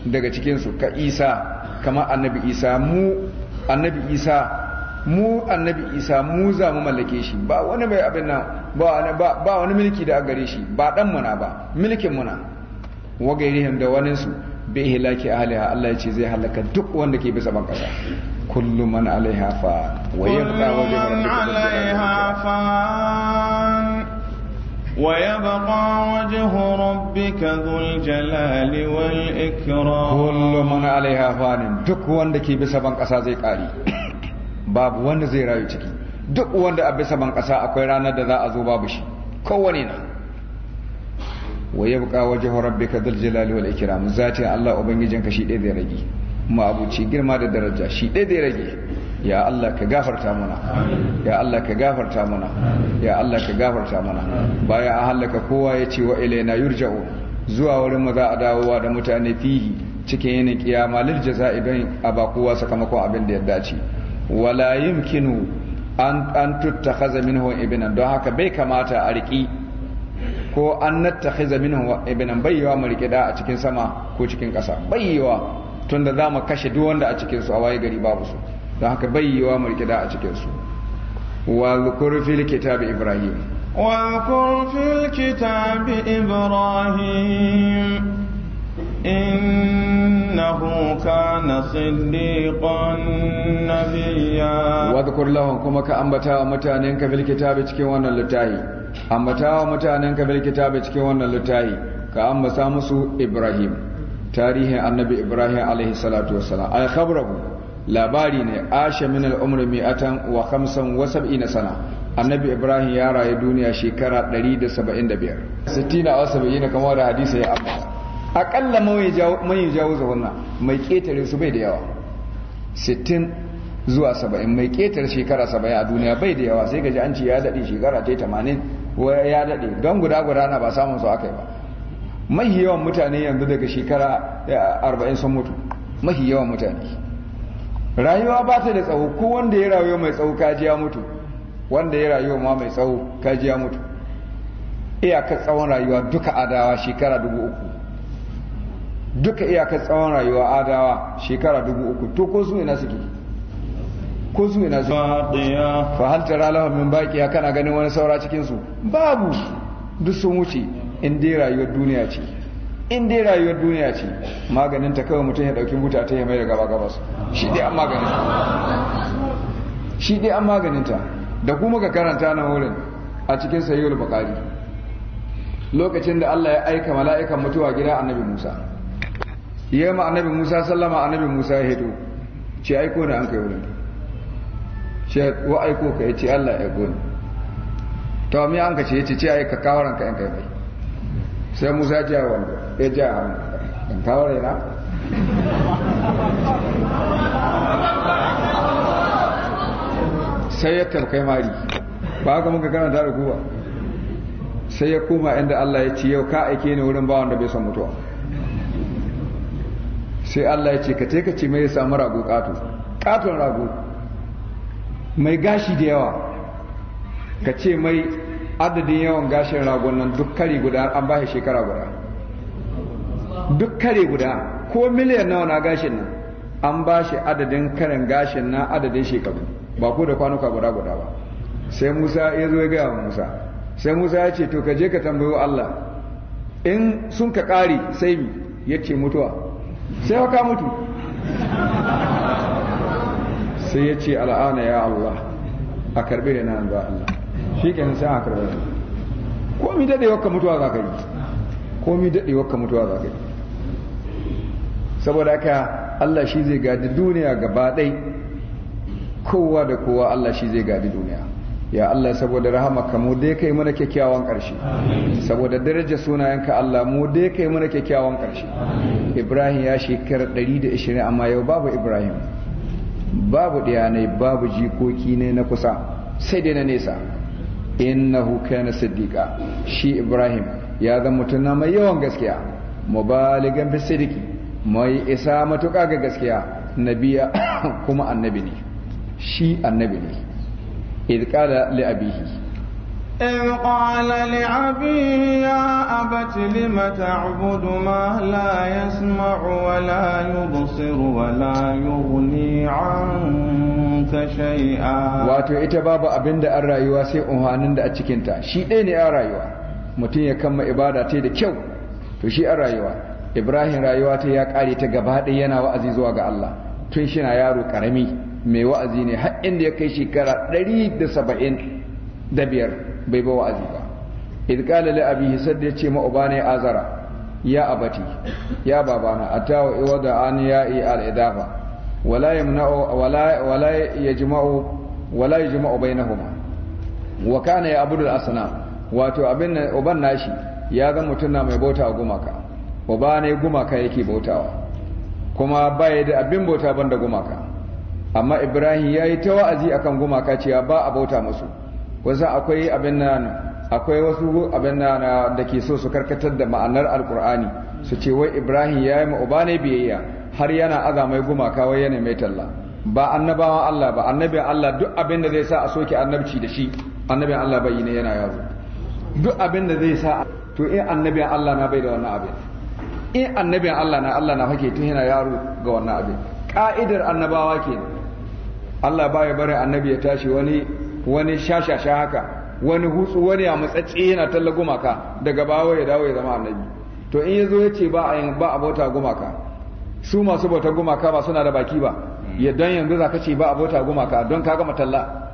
daga cikinsu ka Isa kamar annabi Isa mu annabi Isa mu annabi isa mu za mu mallake shi ba wani mai abin nan ba wani mulki da a gare shi ba dan muna ba mulkin muna wa gairihim da wani su bi ihlaki ahliha Allah ya ce zai halaka duk wanda ke bisa bankasa kullu man alaiha fa wa yabqa wajhu rabbika ويبقى وجه ربك ذو الجلال والإكرام كل من fa فان ke وندكي بسبب قصا zai قاري babu wanda zai rayu ciki duk wanda a bisa ban ƙasa akwai ranar da za a zo babu shi kowane na wa waje wajhu rabbika dhul jalali wal ikram zati Allah ka shi dai zai rage mu abuci girma da daraja shi dai zai rage ya Allah ka gafarta mana ya Allah ka gafarta mana ya Allah ka gafarta mana baya a hallaka kowa ya ce wa ilaina yurja'u zuwa wurin maza a dawowa da mutane fihi cikin yinin kiyama lil jaza'i don a ba kowa sakamakon abin da ya dace wala yumkinu an an tuttakhaza minhu ibnan don haka bai kamata a riki ko an nattakhiza minhu ibnan yawa mu riki da a cikin sama ko cikin ƙasa yawa tunda za mu kashe duk wanda a cikin su a waye gari babu su don haka yawa mu riki da a cikin su wa zukur fil kitab ibrahim wa zukur fil kitab ibrahim in إنه كان صديقا نبيا واذكر لهم كما كأنبتا ومتانينك في الكتاب تكيوانا لتاهي أنبتا ومتانينك في الكتاب تكيوانا لتاهي كأنبتا مسو إبراهيم tarihin annabi ibrahim alaihi salatu wassalam ay khabrahu labari ne asha min al-umri atan wa kamsan wa ina sana annabi ibrahim ya rayu duniya shekara 175 60 aw 70 kamar da hadisi ya amma aƙalla mai jawo wannan mai ƙetare su bai da yawa 60 zuwa 70 mai ƙetare shekara 70 a duniya bai da yawa sai gaji an ce ya daɗe shekara ta 80 ya daɗe don guda guda na ba samun su aka yi ba mahi yawan mutane yanzu daga shekara 40 eh, sun mutu mahi yawan mutane rayuwa ba ta da tsawo ko wanda ya rayuwa mai tsawo kaji ya mutu wanda ya rayuwa ma mai tsawo kaji ya mutu iyakar tsawon rayuwa duka adawa shekara dubu uku duka iyakar tsawon rayuwa adawa shekara dubu uku to ko su ina suke ko su ina suke fa hal tara lahum min ya kana ganin wani saura cikin su babu duk sun wuce in dai rayuwar duniya ce in dai rayuwar duniya ce maganin ta kawai mutum ya dauki buta ta ya daga da gaba su shi dai an maganin shi dai an maganin ta da kuma ga karanta na wurin a cikin sayyul bukhari lokacin da Allah ya aika mala'ikan mutuwa gida annabi Musa ya ma annabi musa sallama annabi musa ya hito ce aiko ne an kai wurin ce wa aiko ka ya ce allah ya goni to mi an ka ce ya ce ce ai ka kawo ranka yanka mai sai musa ja wanda ya ja an kaware na sai ya tarkai mari ba haka muka kana da ruwa sai ya koma inda allah ya ce yau ka aike ni wurin bawan da bai san mutuwa sai Allah ya ce ka ce ka ce mai ya samu rago ƙato ƙaton rago mai gashi da yawa ka ce mai adadin yawan gashin ragon nan duk kare guda an ba shi shekara guda duk kare guda ko miliyan nawa na gashin nan an ba shi adadin karin gashin na adadin shekaru ba ko da kwanuka guda guda ba sai Musa ya zo ya gaya wa Musa sai Musa ya ce to ka je ka tambayo Allah in sun ka ƙari sai mi ya ce mutuwa sai ka mutu sai ya ce al'ana ya Allah a karbe da nan ba Allah shi nan sai a karbe da komi daɗe waka mutuwa za ka yi komi daɗe waka mutuwa za ka yi saboda haka Allah shi zai gadi duniya gaba ɗai kowa da kowa Allah shi zai gadi duniya ya Allah saboda ka mu dai kai mana kyakkyawan ƙarshe saboda daraja sunayenka Allah mu dai kai mana kyakkyawan ƙarshe Ibrahim ya shekara 120 amma yau babu Ibrahim babu ɗiyanai babu jikoki ne na kusa sai dai na nesa innahu na siddiqa shi Ibrahim ya zama mutum na mai yawan gaskiya mubaligan fi sidiki mai isa matuƙa ga gaskiya nabiya (coughs) kuma annabi ne shi annabi ne إذ قال لأبيه إذ قال لأبيه يا أبت لم تعبد ما لا يسمع ولا يبصر ولا يغني عنك شيئا واتو إتباب أبند الرأيوة سيئوهانن دا أتشكنتا شيئيني الرأيوة mutum ya kama ibada ta da kyau to shi a rayuwa ibrahim rayuwa ta ya kare ta gaba ɗaya yana wa'azi zuwa ga allah tun shi na yaro ƙarami mai wa'azi ne har inda ya kai shekara 175 bai ba wa'azi ba idh qala li abihi sadda yace ma ubana azara ya abati ya babana atawa iwada an ya i al idafa wala yamna'u wala wala yajma'u wala yajma'u bainahuma wa kana ya abudul asnam wato abin uban nashi ya ga mutum na mai bauta gumaka uba ne gumaka yake bautawa kuma baya da abin bauta banda gumaka amma ibrahim ya yi ta wa'azi akan gumaka cewa ba a bauta musu wasu akwai abin nan akwai wasu abin nan da ke so su karkatar da ma'anar alkur'ani su ce wai ibrahim ya yi ma'uba ne biyayya har yana azamai gumaka wai yana mai talla ba annabawan allah ba annabin allah duk abin da zai sa a soke annabci da shi annabin allah bai ne yana yazo duk abin da zai sa to in annabin allah na bai da wannan abin in annabin allah na allah na hake tun yana yaro ga wannan abin ka'idar annabawa kenan Allah baya bari annabi ya tashi wani wani shashasha haka wani hutsu wani ya matsatsi yana talla gumaka daga bawa ya dawo ya zama annabi to in yazo ya ce ba a ba a bauta gumaka su masu bota gumaka ba suna da baki ba ya dan yanzu zaka ce ba a bauta gumaka don ka gama talla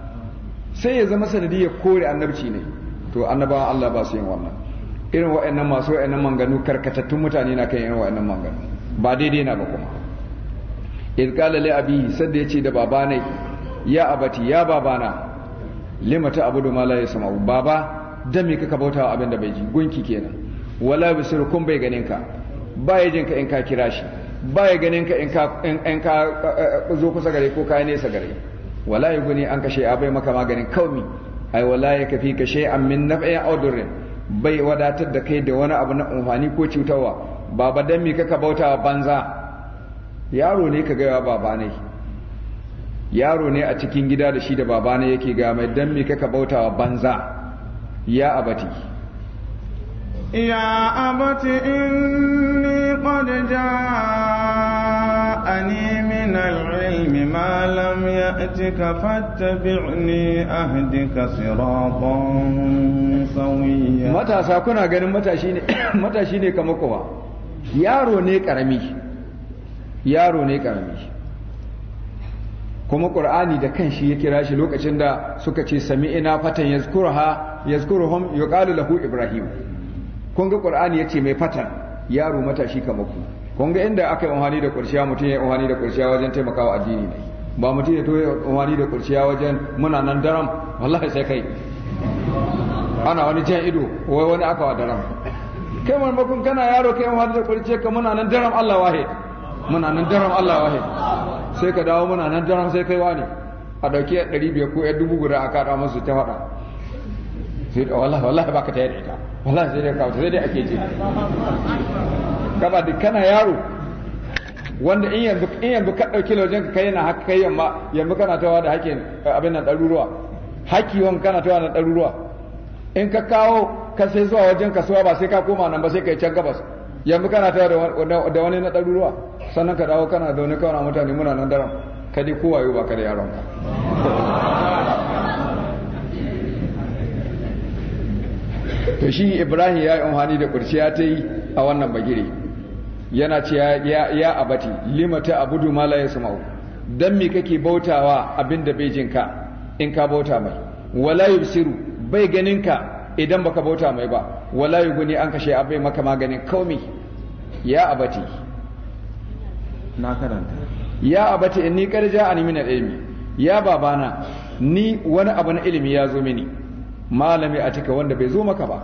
sai ya zama sanadi ya kore annabci ne to annaba Allah ba su yin wannan irin wa'annan masu wa'annan manganu karkatattun mutane na kan irin wa'annan manganu ba daidai na ba kuma irkala li abi sadda ya ce da babanai ya abati ya babana lima ta abudu ma la yasma'u baba dan me kaka bautawa abin da bai ji gunki kenan wala bisiru kun bai ganin ka ba ya jinka in ka kira shi ba ya ganin ka in ka zo kusa gare ko ka nesa gare wala ya guni an kashe abai maka maganin kaumi ai wala ya kafi kashe an min na aw audurin bai wadatar da kai da wani abu na amfani ko cutarwa baba dan me kaka bautawa banza yaro ne ka gaya baba ne yaro ne a cikin gida da shi da baba ne yake ga mai dan me kaka bautawa banza ya abati ya abati inni qad ja'ani min al-ilmi ma lam ya'tika fattabi'ni ahdika siratan sawiyya matasa kuna ganin matashi ne (coughs) matashi ne kamar kowa yaro ne karami yaro ne karami kuma ƙur'ani da kanshi ya kira shi lokacin da suka ce sami ina fatan hom ya ƙalu lahu ibrahim kun ƙur'ani ya ce mai fatan yaro matashi ka ku kun inda aka yi umarni da kurciya mutum ya umarni da ƙurciya wajen taimakawa addini ne ba mutum ya toye umarni da ƙurciya wajen muna nan daram wallahi sai kai ana wani jan ido wai wani aka wa daram kai marmakon kana yaro kai umarni da ƙurciya ka muna nan daram Allah wahid muna nan daram Allah wahe sai ka dawo muna nan daram sai kai wani a dauki a ɗari biyar ko ya dubu guda a kaɗa musu ta faɗa sai da wallah ba baka ta da ita wallah sai dai kawo sai dai ake ce gaba da kana yaro wanda in yanzu in yanzu ka dauki lojin ka kai na haka kai yamma yanzu kana tawa da hakin abin nan ɗaruruwa haki wan kana tawa na ɗaruruwa in ka kawo ka sai zuwa wajen kasuwa ba sai ka koma nan ba sai kai can gabas yanzu kana ta da wani na ɗaruruwa sannan ka dawo kana zaune kawana mutane muna nan daren ka ji kowa ba ka da yaronka (laughs) to shi ibrahim ya yi amfani da ya ta yi a wannan bagire yana ce ya abati lima ta abudu ma la yasma'u dan me kake bautawa abinda bai in ka bauta mai wala yusiru bai ganinka idan baka bauta mai ba wala guni an kashe abai maka maganin kaumi ya abati na karanta ya abati ni karja ja'ani min ilmi ya babana ni wani abu na ilimi ya zo mini malami a cika wanda bai zo maka ba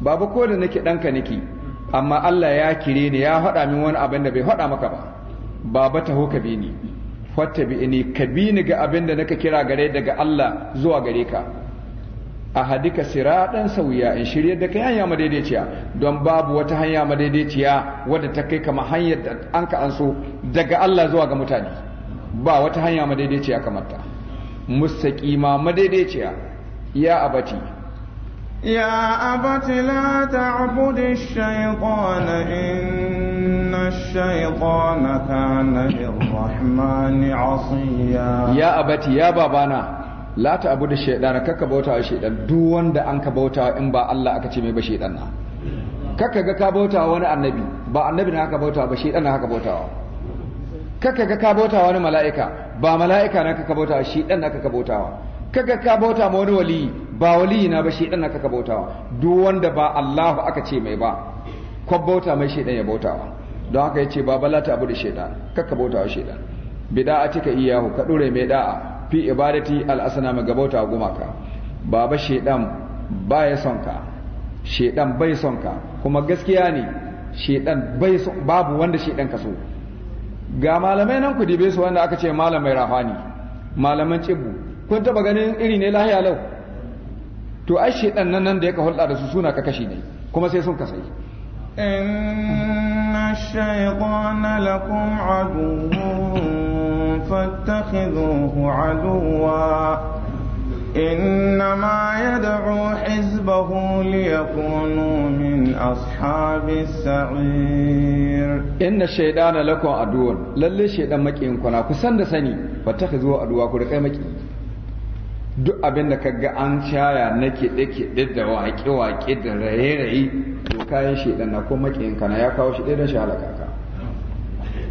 babu ko da nake danka nake amma Allah ya kire ni ya haɗa min wani abin da bai faɗa maka ba baba taho ka bi ni fatta bi ni ka bi ni ga abin da naka kira gare daga Allah zuwa gare ka a hadika siraɗan sauya in shirya da kai hanya madaidaiciya don babu wata hanya madaidaiciya wadda ta kai kama hanyar da an ka so daga Allah zuwa ga mutane ba wata hanya madaidaiciya kamar ta mustaqima madaidaiciya ya abati يا أبت لا تعبد الشيطان إن الشيطان كان للرحمن asiya ya abati ya babana la ta abu da shaidana kakka bauta wa shaidan duk wanda an ka bauta in ba Allah aka ce mai ba shaidan na kakka ga ka bauta wani annabi ba annabi na haka bauta ba shaidan na haka bautawa kakka ga ka bauta wani mala'ika ba mala'ika na kaka bautawa shaidan na kaka bautawa kakka ka bauta ma wani wali ba wali na ba shaidan na kaka bautawa duk wanda ba Allah aka ce mai ba ko bauta mai shaidan ya bautawa don haka yace ba bala ta abu da shaidan kakka bauta wa shaidan bida'atika iyahu ka dore mai da'a fi ibadati al'asana mai gabauta gumaka baba shaidan ba ya son ka shaidan bai son ka kuma gaskiya ne shaidan bai babu wanda shaidan ka so ga malamai nan ku bai su wanda aka ce malamai rafani malaman cibu kun taba ganin iri ne lahiya lau to ai shaidan nan nan da ya ka hulɗa da su suna ka kashi ne kuma sai sun kasai inna shaytana lakum aduwwun فاتخذوه عدوا إنما يدعو حزبه ليكونوا من أصحاب السعير إن الشيطان لكم عدو للي الشيطان مكين كنا كسند سني فاتخذوا عدوا كنا مكين duk abin da kaga an shaya na kiɗe-kiɗe da waƙe-waƙe da raye-raye to kayan shaidan na ko makiyinka na ya kawo shi ɗaya don shi halaka ka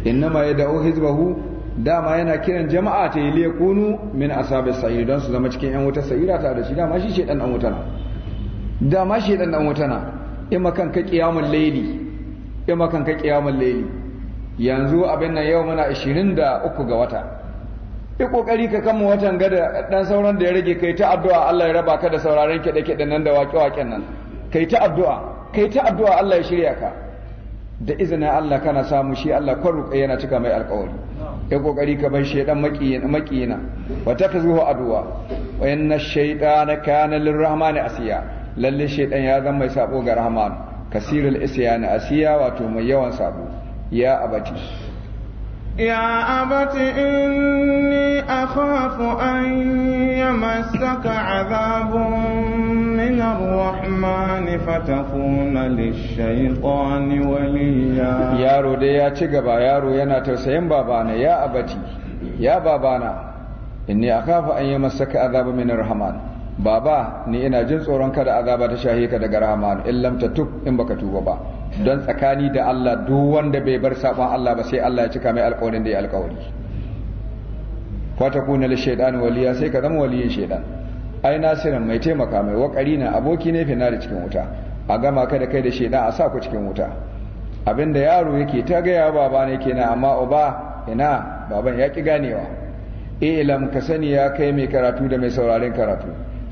inna ma ya da'o hizbahu dama yana kiran jama'a ta yi lekunu min asabe sa'ir don su zama cikin yan wuta sa'ira ta da shi dama shi shaidan dan wuta na dama shi shaidan dan wuta na in makan ka kiyamun laili in makan ka kiyamun laili yanzu abin nan yau muna 23 ga wata yi kokari ka kama watan gada dan sauran da ya rage kai ta addu'a Allah ya raba ka da sauraron kiɗe kiɗe nan da waƙe waƙen nan kai ta addu'a kai ta addu'a Allah ya shirya ka da izinin Allah kana samu shi Allah kwan ruƙa yana cika mai alƙawari ya kokari ka bar shaydan makiyina makiyina wa takzuhu adwa wa inna shaytana kana lirrahmani asiya lalle shaydan ya zama mai sabo ga rahman kasirul na asiya wato mai yawan sabo ya abati ya abati inni akhafu an yamassaka عذاب الرحمن فتكون للشيطان وليا gaba يا yaro yana tausayin babana ya abati ya babana inni akhafu an yamassaka azaba min arhaman baba ni ina jin tsoron kada azaba ta shahe ka daga rahman in lam tatub in baka tuba ba don tsakani da Allah duk wanda bai bar saban Allah ba sai Allah ya cika mai alƙawarin da ya alƙawari fa takuna lishaitani waliya sai ka zama waliyin shaiɗan. ai nasirin mai taimaka mai wakari na aboki ne fina da cikin wuta a gama ka da kai da shaidan a sa ku cikin wuta abinda yaro yake ta gaya baba ne na amma uba ina baban ya ki ganewa e, ilam ka sani ya kai mai karatu da mai sauraren karatu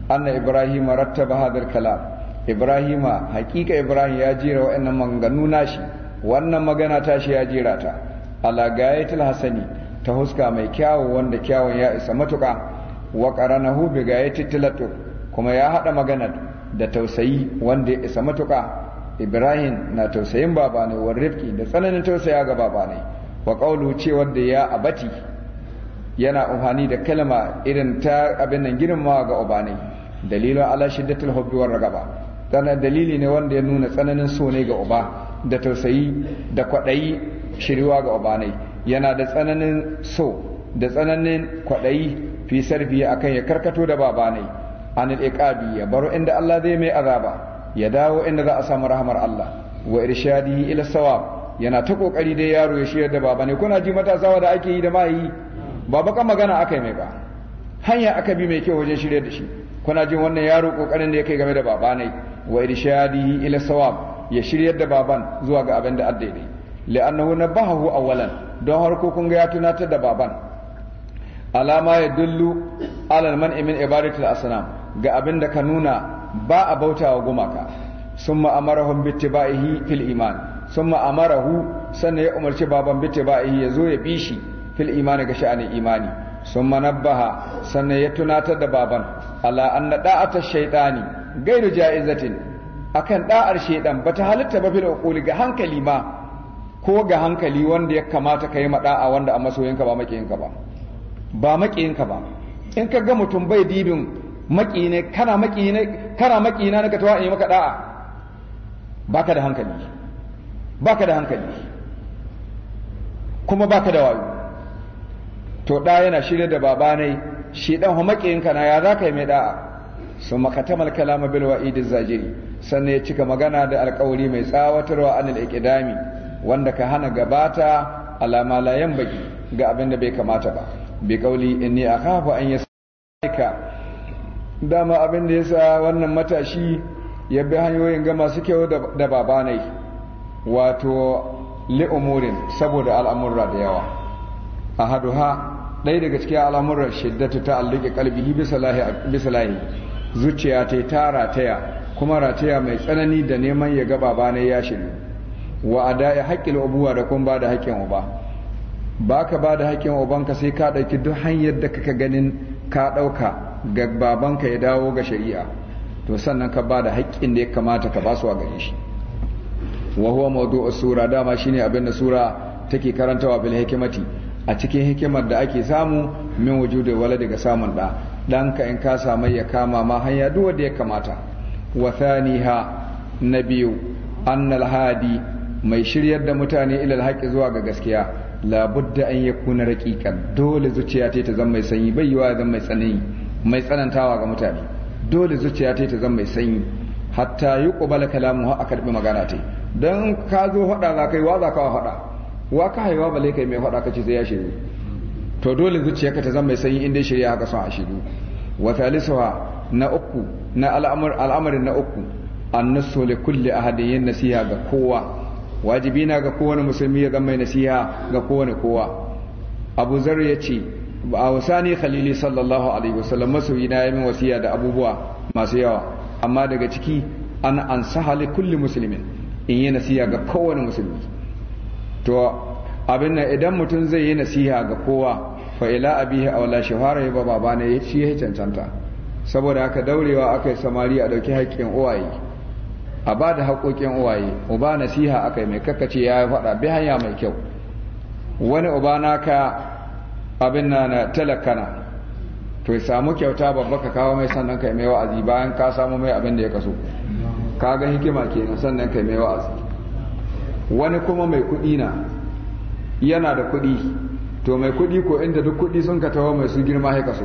anna ibrahim rattaba hadar kalam ibrahim hakika ibrahim ya jira wa'annan manganu nashi wannan magana tashi ya jira ta ala gayatul hasani ta huska mai kyawu wanda kyawun ya isa matuka wa qaranahu bi gayati tilatu kuma ya haɗa maganar da tausayi wanda ya isa matuƙa. ibrahim na tausayin baba ne wa rifki da tsananin tausaya ga baba ne wa qawlu ce wanda ya abati yana umhani da kalma irin ta abin nan girmamawa ga uba ne dalilin ala shiddatul hubbi war ragaba dana dalili ne wanda ya nuna tsananin so ne ga uba da tausayi da kwaɗayi shiriwa ga obanai. yana da tsananin so da tsananin kwaɗayi fi sarfi akan ya karkato da babanai anil iqabi ya baro inda Allah zai mai azaba ya dawo inda za a samu rahmar Allah wa irshadihi ila sawab yana ta kokari dai yaro ya shirya da babanai kuna ji matasawa da ake yi da mai ba baka magana akai mai ba hanya aka bi mai kyau wajen shirya da shi kuna ji wannan yaro kokarin da yake game da babanai wa irshadihi ila sawab ya shiryar da baban zuwa ga abin da addai li'annahu nabahu awwalan don harko kun ga ya tunatar da baban alama ya dullu alal man imin ibadatul asnam ga abin da ka nuna ba a bauta wa gumaka summa amarahum bittiba'ihi fil iman summa amarahu sannan ya umarci baban bittiba'ihi ya zo ya bi shi fil iman ga sha'anin imani summa nabbaha sannan ya tunatar da baban ala anna da'ata shaytani gairu ja'izatin akan da'ar shaydan bata halitta ba fil uquli ga hankali ma ko ga hankali wanda ya kamata ka yi mada'a wanda a masoyinka ba makiyinka ba ba maƙiyinka ba in ka ga mutum bai dibin maƙi ne kana maƙi ne kana maƙi na ka tawa in yi maka da'a baka da hankali baka da hankali kuma baka da wayo to da yana shirya da baba ne shi dan maƙiyinka na ya zaka yi mai da'a sun makatamal kalama bil wa'id zajiri sannan ya cika magana da alƙawari mai tsawatarwa anil iqdami wanda ka hana gabata alama la baki ga abin da bai kamata ba bi kauli inni akhafu an yasaka dama abin da yasa wannan matashi ya bi hanyoyin ga masu kyau da babanai wato umurin saboda al'amurra da yawa a haduha ɗaya daga cikin al'amuran shiddatu ta allike kalbi bisa lahi zuciya ta ta rataya kuma rataya mai tsanani da neman ya ga babanai ya shiru wa adai haƙƙin ubuwa da kun ba da haƙƙin uba ba ka ba da haƙƙin ubanka sai ka ɗauki duk hanyar da kaka ganin ka ɗauka ga babanka ya dawo ga shari'a to sannan ka ba da haƙƙin da ya kamata ka ba su a gare shi wa huwa mawdu'u sura dama shine abin da sura take karantawa bil hikimati a cikin hikimar da ake samu min wujudi wala daga samun da ka in ka samu ya kama ma hanya duk wanda ya kamata wa thaniha na biyu annal hadi mai shiryar da mutane ilal haƙi zuwa ga gaskiya labudda an yakuna raqiqan dole zuciya ta zama mai sanyi bai yiwa zama mai tsanani mai tsanantawa ga mutane dole zuciya ta zama mai sanyi hatta yuqbal kalamu a aka rubi magana ta dan ka zo hada za kai wa za ka hada wa ka haiwa bale kai mai hada kace sai ya shiru to dole ka ta zama mai sanyi inda shirya haka son a shiru wa thalisuha na uku na al'amarin na uku annasu li kulli ahadin yin nasiha ga kowa wajibi na ga kowane musulmi ya zama mai nasiha ga kowane kowa abu zar ya ce ba a wasani khalili sallallahu alaihi wasallam masoyi na yamin wasiya da abubuwa masu yawa amma daga ciki an ansa hali kulli musulmin in yi nasiha ga kowane musulmi to abin nan idan mutum zai yi nasiha ga kowa fa a abihi aw la shahara ba babana ya shi ya cancanta saboda haka daurewa akai samari a dauki haƙƙin uwaye a ba da haƙoƙin uwaye uba nasiha aka yi mai kakace ya faɗa bi hanya mai kyau wani uba naka abin na na talakana to ya samu kyauta babba ka kawo mai sannan kai mai wa'azi bayan ka samu mai abin da ya kaso ka ga hikima kenan sannan kai mai wa'azi wani kuma mai kuɗi na yana da kuɗi to mai kuɗi ko inda duk kuɗi sun ka tawo mai su girma ya kaso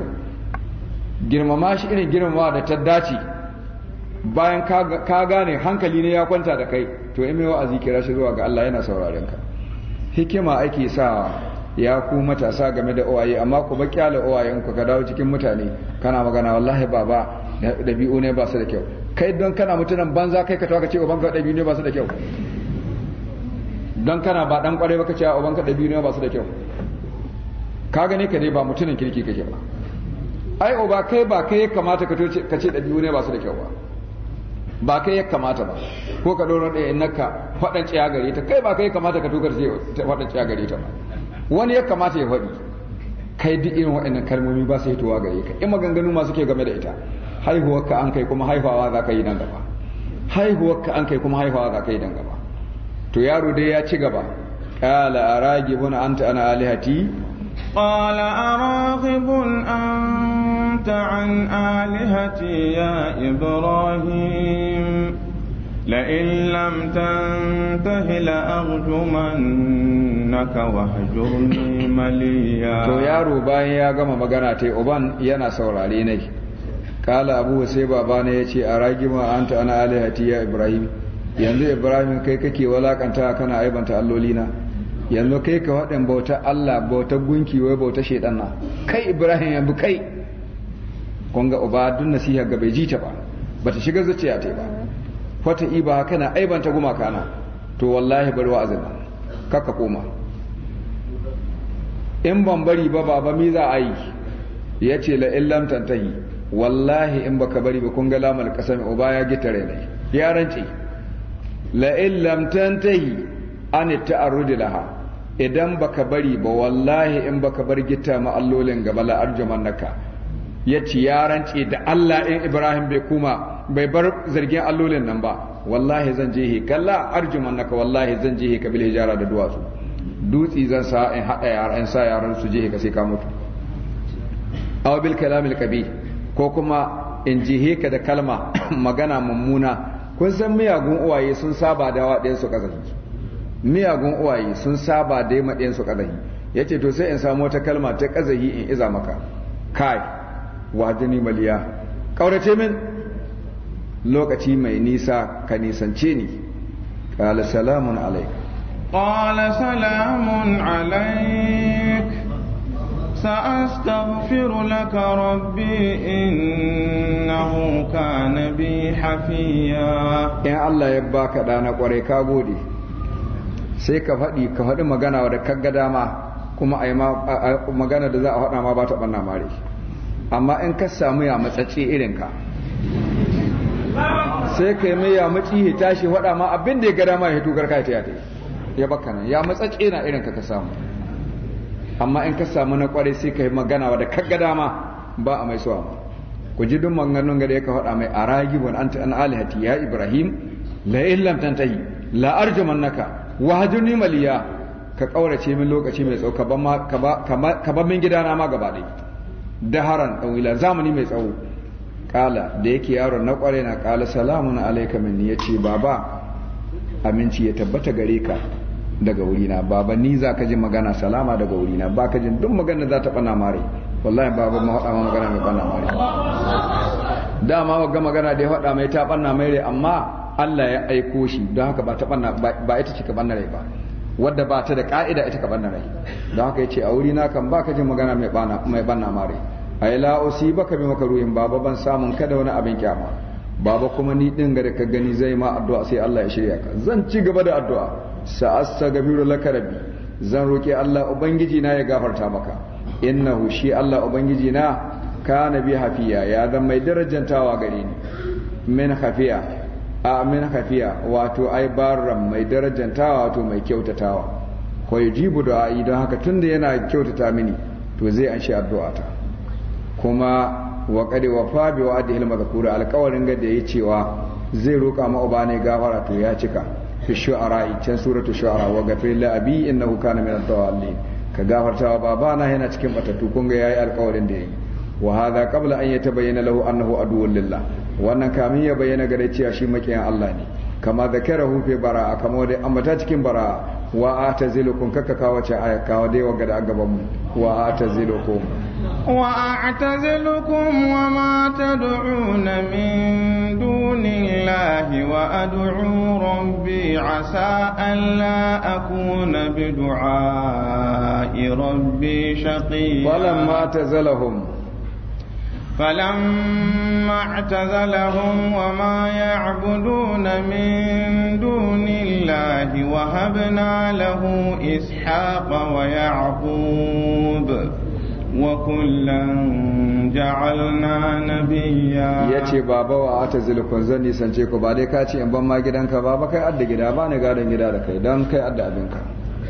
girmama shi irin girmama da ta dace bayan ka gane hankali ne ya kwanta da kai to in mai wa'azi kira shi zuwa ga Allah yana sauraren ka hikima ake sa ya ku matasa game da owaye amma ku ba kyale owayen ku ka dawo cikin mutane kana magana wallahi baba dabi'u ne ba su da kyau kai don kana mutunan banza kai ka tawa ka ce uban ka dabi'u ne ba su da kyau don kana ba dan kware ba ka ce uban ka dabi'u ne ba su da kyau ka gane ka dai ba mutunan kirki kake ba ai uba kai ba kai kamata ka ce dabi'u ne ba su da kyau ba ba kai ya kamata ba ko ka dora da ka fadan ciya gare ta kai ba kai ya kamata ka tukar ta fadan ciya gare ta ba wani ya kamata ya faɗi kai duk irin waɗannan kalmomi ba su hitowa gare ka in maganganu masu ke game da ita haihuwar ka an kai kuma haifawa za ka yi nan gaba haihuwar ka an kai kuma haifawa za ka yi nan gaba to yaro dai ya ci gaba qala aragibun anta ana alihati a araghibun an كنت عن آلهتي يا إبراهيم لئن لم تنته لأرجمنك واهجرني مليا to yaro bayan ya gama magana tai Oban yana saurare ne kala abu sai babana ne ya ce a ragima anta ana alihati ya ibrahim yanzu ibrahim kai kake walakanta kana aibanta allolina yanzu kai ka waɗin bauta allah bauta gunki wai bauta shaidan na kai ibrahim yanzu kai kun ga uba duk nasiha ga bai ji ta ba bata shiga zuciya ta ba fata iba kana aibanta gumaka na to wallahi bar wa'azin kaka koma in ban bari ba baba mi za a yi ya ce la illam tantahi wallahi in baka bari ba kun ga lamal kasami uba ya gitare ne ya rance la illam tantahi an ta'arrud laha idan baka bari ba wallahi in baka bar gitta ma allolin gaba la arjuman naka ya ci ya da Allah in Ibrahim bai kuma bai bar zargin allolin nan ba wallahi zan je kalla arjuman naka wallahi zan je ka bil hijara da duwatsu dutsi zan sa in hada yaran sa yaran su je ka sai ka mutu aw bil al kabi ko kuma in je ka da kalma (coughs) magana mummuna kun san miyagun uwaye sun saba da waɗayen su kazahi miyagun uwaye sun saba da yi su kazahi yace to sai in samu wata kalma ta kazahi in iza maka kai wa ajini maliya kaurace min lokaci mai nisa ka nisance ni qala salamun alaik qala salamun alaik rabbi innahu kana bi hafiya ya Allah ya baka dana kware ka gode sai ka faɗi ka faɗi magana da ga dama kuma a yi magana da za a faɗa ma ba ta ɓanna mare amma in ka samu ya matsatsi irinka sai ka yi mai ya matsi ya tashi faɗa ma abin da ya gada ma ya hito garka ta yata ya baka nan ya matsace na irinka ka samu amma in ka samu na kwarai sai ka yi magana wadda ka gada ma ba a mai suwa ma ku ji duk maganganun gada ya ka faɗa mai a ragibun an ta'an alihati ya ibrahim la illam tantahi la arjumannaka wahajuni maliya ka kaurace min lokaci mai tsawo ka ba min gidana ma gaba ɗaya daharan ɗauwila zamani mai tsawo ƙala da yake yaron na ƙware na ƙala salamun alaika minni ya ce baba aminci ya tabbata gare ka daga wurina baba ni za ka ji magana salama daga wurina ba ka ji duk magana za ta ɓana mare wallahi baba ma faɗa magana mai ɓana mare dama wagga magana da ya faɗa mai ta ɓana mai amma Allah ya aiko shi don haka ba ta ɓana ba ita ce ka ɓana rai ba wadda ba ta da ka'ida ita ka banna rai don haka yace a wuri na kan baka jin magana mai bana mai banna mare ai la ka bi makaruhin baba ban samun kada wani abin kyama baba kuma ni din ga ka gani zai ma addu'a sai Allah ya shirya ka zan ci gaba da addu'a sa'astaghfiru laka rabbi zan roki Allah ubangiji na ya gafarta maka innahu shi Allah ubangiji na na bi hafiya ya zan mai darajantawa gare ni min hafiya a min hafiya wato ai barram mai darajantawa wato mai kyautatawa ko yujibu du'a'i don haka tunda yana kyautata mini to zai anshi ta. kuma wa wa fa bi wa'dihi al-madhkur alqawarin ga da yayi cewa zai roka ma uba ne gafara to ya cika fi shu'ara can suratul shu'ara wa ghafir li abi innahu kana min ad-dawallin ka gafartawa babana yana cikin batattu kun ga yayi alƙawarin da yayi wa hadha qabla an yatabayyana lahu annahu aduwwun lillah wannan kamin ya bayyana gare cewa shi makiyan Allah ne kama hufe bara a kama amma ambata cikin bara wa a ta kun kaka kawo ce aya kawo dai wa gada a gabanmu wa a atazilukum wa kun wa ma na min lahi wa ad'u rabbi asa an la akuna bi du'a'i rabbi shaqiya falamma tazalahum فلما اعتزلهم وما يعبدون من دون الله وهبنا له إسحاق ويعقوب وكلا جعلنا نبيا yace baba wa atazilukun zan nisance ku ba dai ka ce in ban ma gidanka ba ba kai adda gida ba ni gadon gida da kai don kai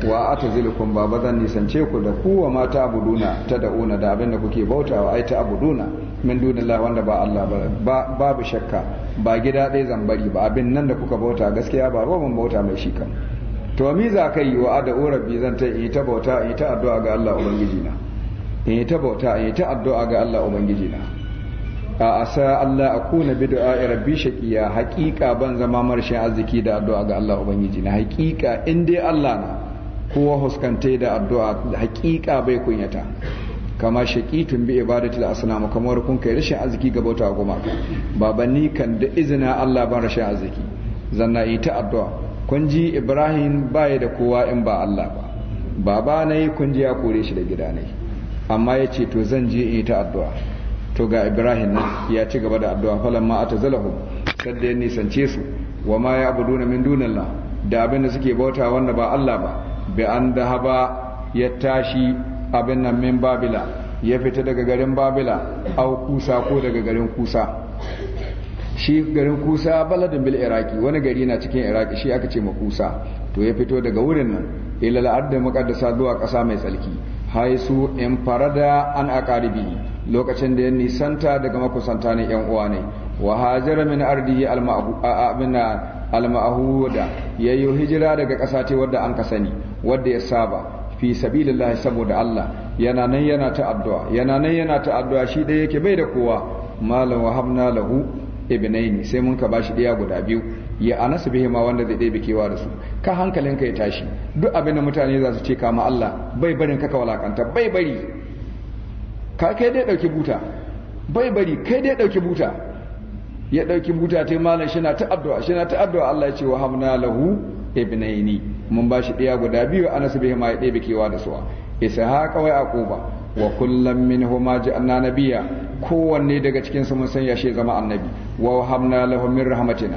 wa zilikun ba bazan nisance ku da ku wa mata abuduna ta da'una da abin da kuke bautawa ai ta abuduna min dunillah wanda ba Allah ba babu shakka ba gida ɗaya zambari ba abin nan da kuka bauta gaskiya ba roban bauta mai shi kan to mi za ka yi wa da rabbi zan ta yi ta bauta yi ta addu'a ga Allah ubangiji na yi ta bauta yi ta addu'a ga Allah ubangiji na a asa Allah kuna bi ya rabbi shaqiya haqiqa ban zama marshen arziki da addu'a ga Allah ubangiji na haqiqa in dai Allah na kowa huskantai da addu'a da hakika bai kunyata kama shaqitun bi ibadatil asnam kamar kun kai rashin arziki ga bauta gumaka babanni kan da izina Allah ban rashin arziki zanna yi ta addu'a kun ji Ibrahim baya da kowa in ba Allah ba baba nayi kun ji ya kore shi da gida ne amma ya ce to zan je in yi ta addu'a to ga Ibrahim nan ya ci gaba da addu'a falamma atazalahu sadda ya nisance su wa ma ya abuduna min dunillah da abin da suke bauta wanda ba Allah ba bi an dahaba ya tashi abin nan min babila ya fita daga garin babila au kusa ko daga garin kusa shi garin kusa baladin bil iraki wani gari na cikin iraki shi aka ce ma kusa. to ya fito daga wurin nan ila la'adda muqaddasa zuwa kasa mai tsarki haisu in farada an aqaribi lokacin da ya nisanta daga makusanta ne yan uwa ne wa hajara min ardihi al-ma'huda al-ma'huda yayyo hijira daga ƙasa ce wadda an ka sani wanda ya saba fi sabilillahi saboda Allah yana nan yana ta addu'a yana nan yana ta addu'a shi dai yake bai da kowa malam wahabna lahu ibnain sai mun ka bashi daya guda biyu ya anas bihi ma wanda zai dai bikewa da su ka hankalinka ya tashi duk abin da mutane za su ce kama Allah bai barin ka walakanta bai bari ka kai dai dauki buta bai bari kai dai ɗauki buta ya ɗauki buta tai malam shi na ta addu'a shi na ta addu'a Allah ya ce wa hamna lahu ibnaini mun ba shi ɗaya guda biyu anas bihi ma ya ɗebe kewa da suwa kawai a yaquba wa kullum min huma ji'anna nabiyya kowanne daga cikin su mun sanya shi zama annabi wa wahabna lahum min rahmatina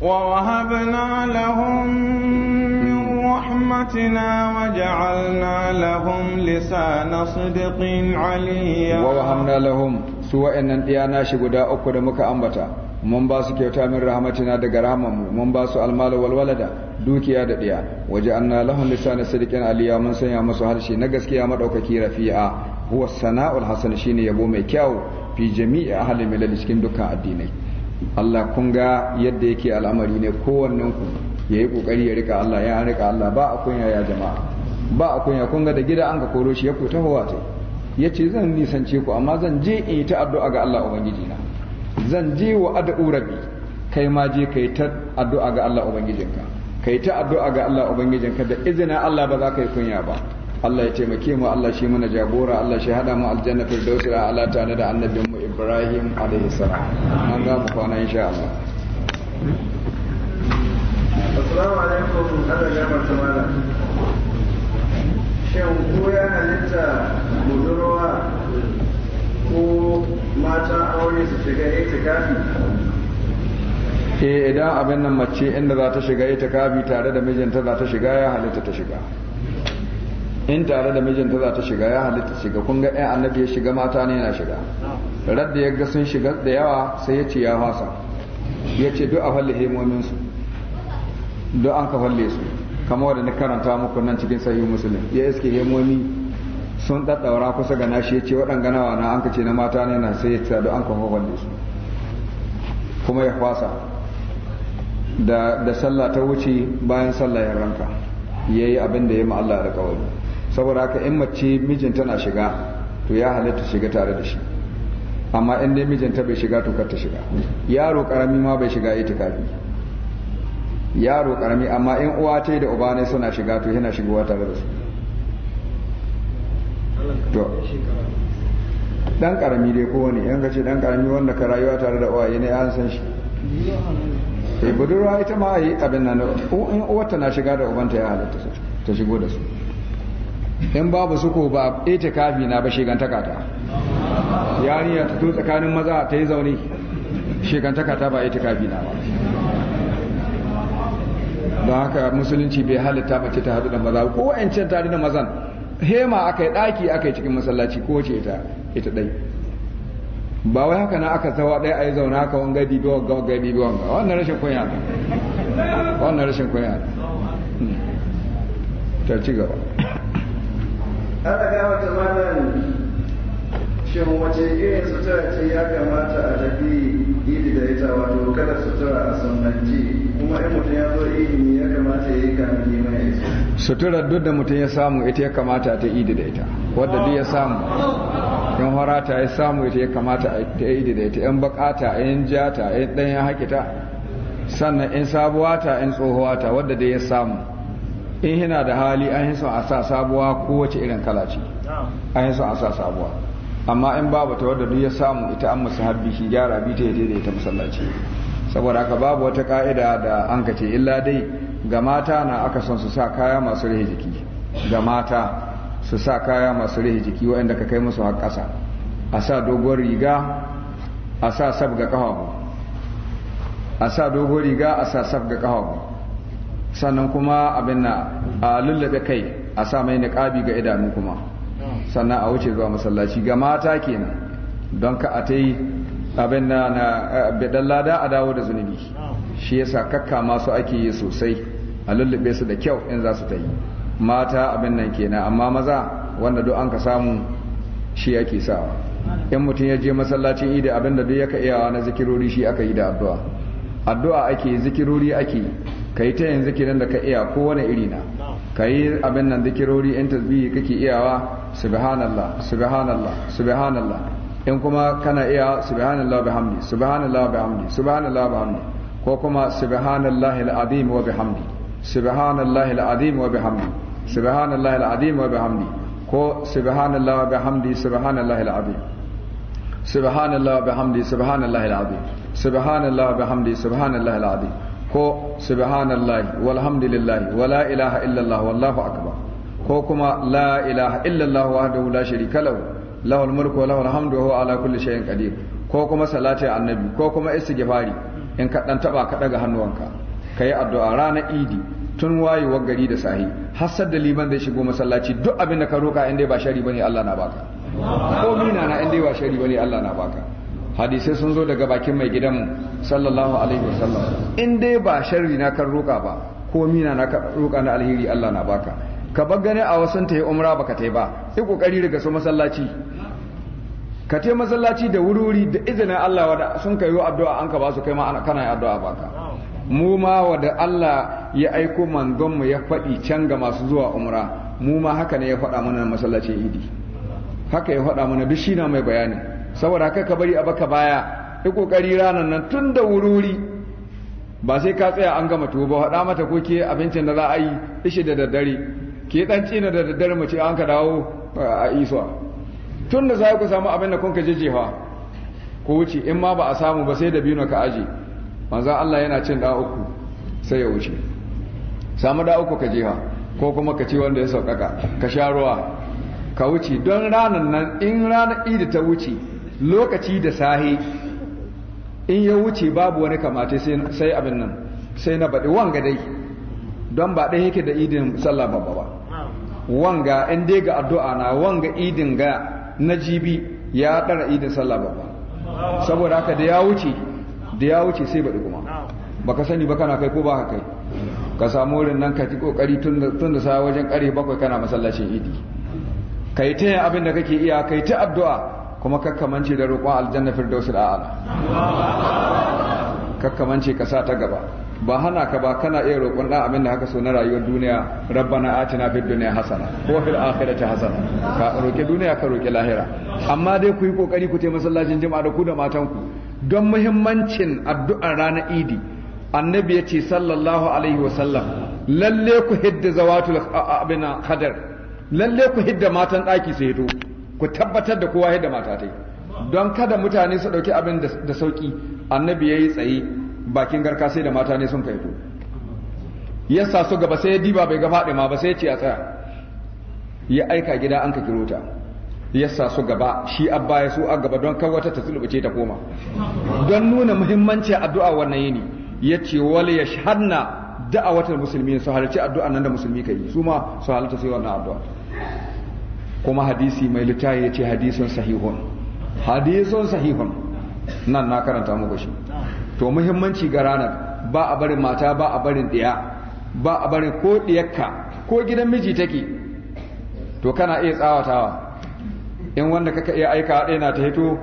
wa wahabna lahum min rahmatina wa ja'alna lahum lisana sidqin aliyya wa wahabna lahum su wa'annan ɗiya nashi guda uku da muka ambata mun ba su kyauta min rahmatina daga rahamanmu mun ba su walwala walwalada dukiya da ɗiya waje anna lahun lisanin sadiƙin aliya mun sanya musu harshe na gaskiya madaukaki rafi'a huwa sana'ul hasan shine yabo mai kyau fi jami'i ahli milal cikin dukkan addinai Allah kun ga yadda yake al'amari ne kowannen ku yayi kokari ya rika Allah ya rika Allah ba a kunya ya jama'a ba a kunya kun ga da gida an ka koro shi ya ku tahowa sai ya ce zan nisance ku amma zan je in yi ta addu'a ga Allah Ubangijina zan je wa ad'u rabi kai ma je ka yi ta addu'a ga Allah Ubangijinka ka yi ta addu'a ga Allah Ubangijinka da izina Allah ba za ka yi kunya ba Allah ya taimake mu Allah shi mana jagora Allah shi hada mu aljanna firdausi da ala tare da annabin mu Ibrahim alaihi salam an ga mu kwana insha Allah Assalamu alaikum Allah ya barka shan ko ya halitta budurwa ko mata aure su shiga itikafi eh idan abin nan mace inda za ta shiga itikafi tare da mijinta za ta shiga ya halitta ta shiga in tare da mijinta za ta shiga ya halitta shiga kun ga ɗaya annabi ya shiga mata ne na shiga radda ya ga sun shiga da yawa sai ya ce ya fasa ya ce duk a falle hemominsu duk an ka falle su kamar da na karanta muku nan cikin sahih musulun ya iske hemomi sun daddaura kusa ga nashi ya ce waɗanga nawa na an ce na mata ne na sai ya sadu an kwan hwalle su kuma ya kwasa da sallah ta wuce bayan sallah ya ranka ya yi abin da ya ma Allah da kawai saboda haka in mace mijin tana shiga to ya halatta shiga tare da shi amma in dai mijinta bai shiga to kar ta shiga yaro karami ma bai shiga itikafi yaro karami amma in uwa ta da uba ne suna shiga to yana shigowa tare da su to dan karami dai wani yan gace dan karami wanda ka rayuwa tare da uwaye ne an san shi eh budurwa ita ma yi abin nan in ta na shiga da ubanta ya halatta ta shigo da su in babu su ko ba ita kafi na ba shigan takata. Yari ta tutu tsakanin maza ta yi zaune shigan takata ba ita kafi na ba don haka musulunci bai halitta mace ta hadu da maza ko wa'ancan tare da mazan hema aka yi ɗaki aka yi cikin masallaci ko ce ita ita ɗai ba wai haka na aka sawa ɗaya a yi zauna haka wanga dibi wanga wanga dibi wanga wannan rashin kunya wannan rashin kunya hmm. ta ci gaba shin wace irin sutura ce ya kamata a tafi idi da ita wato kada sutura a sunanci kuma in mutum ya zo idi ya kamata ya yi kamar neman ya iso suturar duk da mutum ya samu ita ya kamata ta idi da ita wadda duk ya samu yan harata ya samu ita ya kamata ta idi da ita yan bakata yan jata yan ya hakita sannan in sabuwa ta in tsohuwa ta wadda dai ya samu in hina da hali an yi a sa sabuwa kowace irin kala ce an yi a sa sabuwa amma in babu ta wadda duk ya samu ita an musahabbi shi gyara bi ta yadda ita masallaci saboda haka babu wata ka'ida da an ka ce illa dai ga mata na aka son su sa kaya masu rihe jiki ga mata su sa kaya masu rihe jiki waɗanda ka kai musu har ƙasa a sa dogon riga a sa sab ga ƙafafu a sa dogon riga a sa sab ga ƙafafu sannan kuma abin na a lullaɓe kai a sa mai niƙabi ga idanu kuma sannan a wuce zuwa masallaci ga mata kenan don ka a ta yi abin da na eh, bidan lada a dawo da zunubi shi yasa kakka masu ake yi sosai a lullube su da kyau in za su ta yi mata abin nan kenan amma maza wanda duk an ka samu shi ke sawa in mutum ya je masallacin idi abin da duk yaka iyawa na zikirori shi aka yi da addu'a addu'a ake zikirori ake ka yi ta yin zikirin da ka iya kowane iri na ka yi abin nan zikirori in tasbihi kake iyawa subhanallah subhanallah subhanallah in kuma kana iya subhanallah bihamdi subhanallah bihamdi subhanallah bihamdi ko kuma subhanallahi alazim wa bihamdi subhanallahi alazim wa bihamdi subhanallahi alazim wa bihamdi ko subhanallahi wa bihamdi subhanallahi alazim subhanallahi wa bihamdi subhanallahi alazim subhanallahi wa bihamdi al alazim ko subhanallahi walhamdulillahi wala ilaha illallah wallahu akbar ko kuma la ilaha illallah wahdahu la sharika lahu lahul mulku wa lahul hamdu wa huwa ala kulli shay'in qadir ko kuma salati annabi ko kuma istighfari in ka dan taba ka daga hannuwanka kai addu'a ranar idi tun wayewar gari da sahi hassar da liman zai shigo masallaci duk abin da ka roka inda ba shari bane Allah na baka ko mina na inda ba shari bane Allah na baka hadisai sun zo daga bakin mai gidanmu sallallahu alaihi wasallam inda ba shari na kan roka ba ko mina na roka na alheri Allah na baka ka bar gane a wasan ta yi umra baka ta yi ba sai kokari daga su masallaci ka ta masallaci da wuri-wuri da izinin Allah wada sun kai yi addu'a an ka ba su kai ma kana yi addu'a baka mu ma da Allah ya aiko manzon mu ya faɗi can ga masu zuwa umra mu ma haka ne ya faɗa mana masallacin idi haka ya faɗa mana duk shi na mai bayani saboda haka ka bari a baka baya yi kokari ranar nan tun da wuri ba sai ka tsaya an gama tuwo ba faɗa mata koke abincin da za a yi ishe da daddare ke dan tsina da daddare mu an ka dawo a isuwa tun da za ku samu abin da kun ka jejjefa ko wuce in ma ba a samu ba sai da biyu ka aji manzan Allah yana cin da uku sai ya wuce samu da uku ka jefa ko kuma ka ci wanda ya sauƙaƙa ka sha ruwa ka wuce don ranar nan in ranar idi ta wuce lokaci da sahi in ya wuce babu wani kamata sai abin nan sai na baɗi wanga dai don ba ɗaya yake da idin sallah babba ba wanga in dai ga addu'a na wanga idin ga na jibi ya ɗara idin sallah babba saboda haka da ya wuce da ya wuce sai baɗi kuma baka sani ba kana kai ko ba kai ka samu wurin nan ka ji kokari tun da sa wajen kare bakwai kana masallacin idi kai ta yin abin da kake iya kai ta addu'a kuma kakkamance da roƙon aljanna firdausul a'ala kakkamance ka sa ta gaba ba hana ka ba kana iya roƙon ɗan abin da haka so na rayuwar duniya rabbana atina fid dunya hasana wa fil akhirati hasana ka roƙe duniya ka roƙe lahira amma dai ku yi kokari ku taimaka masallacin jima'a da ku da matan don muhimmancin addu'ar ranar idi annabi ya ce sallallahu alaihi wa sallam lalle ku hidda zawatul abin hadar, lalle ku hidda matan ɗaki su ku tabbatar da kowa hidda mata don kada mutane su ɗauki abin da sauƙi, annabi ya yi tsaye bakin garka sai da mata ne sun kaito ya sa su gaba sai ya diba bai ga ma ba sai ya ce a tsaya ya aika gida an ka kiro ta ya gaba shi abba ya su a gaba don kawata ta tsulbuce ta koma don nuna muhimmanci addu'a wannan yini ya ce wal yashhadna da'awatul musulmi su halarci addu'a nan da musulmi kai su ma su halarta sai wannan addu'a kuma hadisi mai littafi ya ce hadisun sahihun hadisun sahihun nan na karanta muku shi to muhimmanci ga ranar ba a barin mata ba a barin ɗiya ba a barin ko ɗiyakka ko gidan miji take to kana iya tsawatawa in wanda kaka iya aika ɗaya na ta hito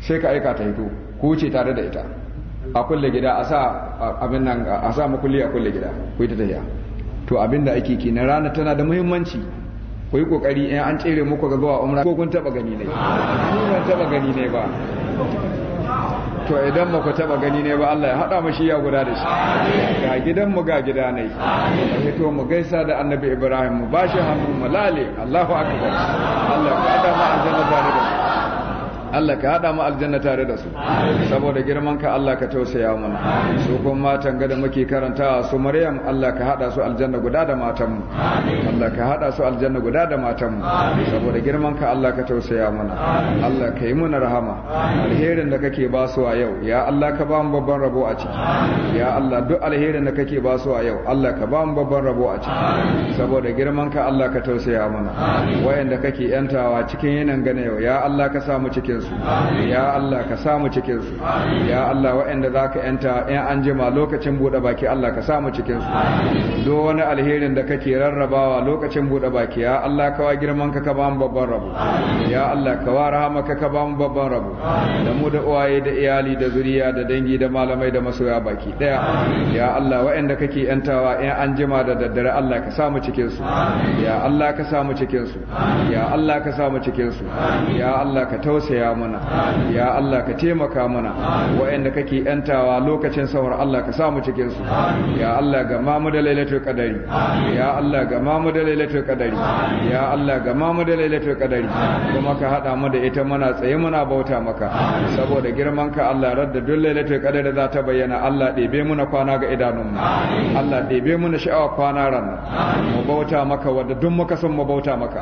sai ka aika ta hito ko ce tare da ita a kulle gida a sa abin nan a sa makulli a kulle gida ku yi ta tafiya to abin da ake kenan rana tana da muhimmanci ku yi kokari in an tsere muku ga zuwa umra ko kun taba gani ne ban taba gani ne ba to idan mu ku taba gani ne ba Allah ya hada mu shi ya guda da shi ga gidan mu ga gida ne amin to mu gaisa da annabi Ibrahim mu bashi hannu mu lale Allahu akbar Allah ya kada mu aljanna da Allah ka hada mu aljanna tare da su saboda girman ka Allah ka tausaya mana su kuma matan gada muke karantawa su Maryam Allah ka hada su aljanna guda da matan mu Allah ka hada su aljanna guda da matan mu saboda girman ka Allah ka tausaya mana Allah ka yi mana rahama alherin da kake ba su a yau ya Allah ka ba mu babban rabo a ciki ya Allah duk alherin da kake ba su a yau Allah ka ba mu babban rabo a ciki saboda girman ka Allah ka tausaya mana wayanda kake yantawa cikin yanan gane yau ya Allah ka samu cikin cikinsu ya Allah ka samu cikinsu ya Allah waɗanda za ka yanta in an jima lokacin buɗe baki Allah ka samu cikinsu duk wani alherin da kake rarrabawa lokacin buɗe baki ya Allah ka wa girman ka ka ba mu babban rabo ya Allah ka wa rahama ka ka ba mu babban rabo da mu da uwaye da iyali da zuriya da dangi da malamai da masoya baki ɗaya ya Allah waɗanda kake yantawa in an jima da daddare Allah ka samu cikinsu ya Allah ka samu cikinsu ya Allah ka samu cikinsu ya Allah ka tausaya mana ya Allah ka taimaka mana wa'anda kake yantawa lokacin sahur Allah ka samu cikin su ya Allah ga mamu da lailatul qadari ya Allah ga mamu da lailatul qadari ya Allah ga mamu da lailatul qadari kuma ka hada mu da ita muna tsaye muna bauta maka saboda girman ka Allah radda duk lailatul qadari za ta bayyana Allah ɗebe muna kwana ga idanun mu Allah ɗebe muna sha'awa kwana ran mu bauta maka wadda duk muka son mu bauta maka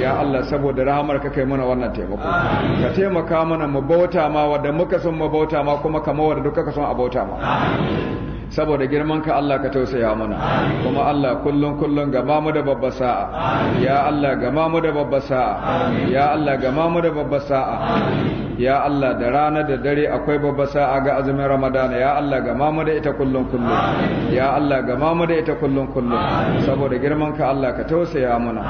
ya Allah saboda rahamar ka kai muna wannan taimako ka taimaka mana mu bauta ma wadda muka son mu bauta ma kuma kamar wadda duka ka son a bauta ma saboda girman ka Allah ka tausaya mana kuma Allah kullun kullun gama mu da babbar sa'a ya Allah gama mu da babbar sa'a ya Allah gama mu da babbar sa'a ya Allah da rana da dare akwai babba sa'a ga azumin Ramadana ya Allah ga mamu da ita kullun kullun ya Allah ga mamu da ita kullun kullun saboda girman ka Allah ka tausaya mana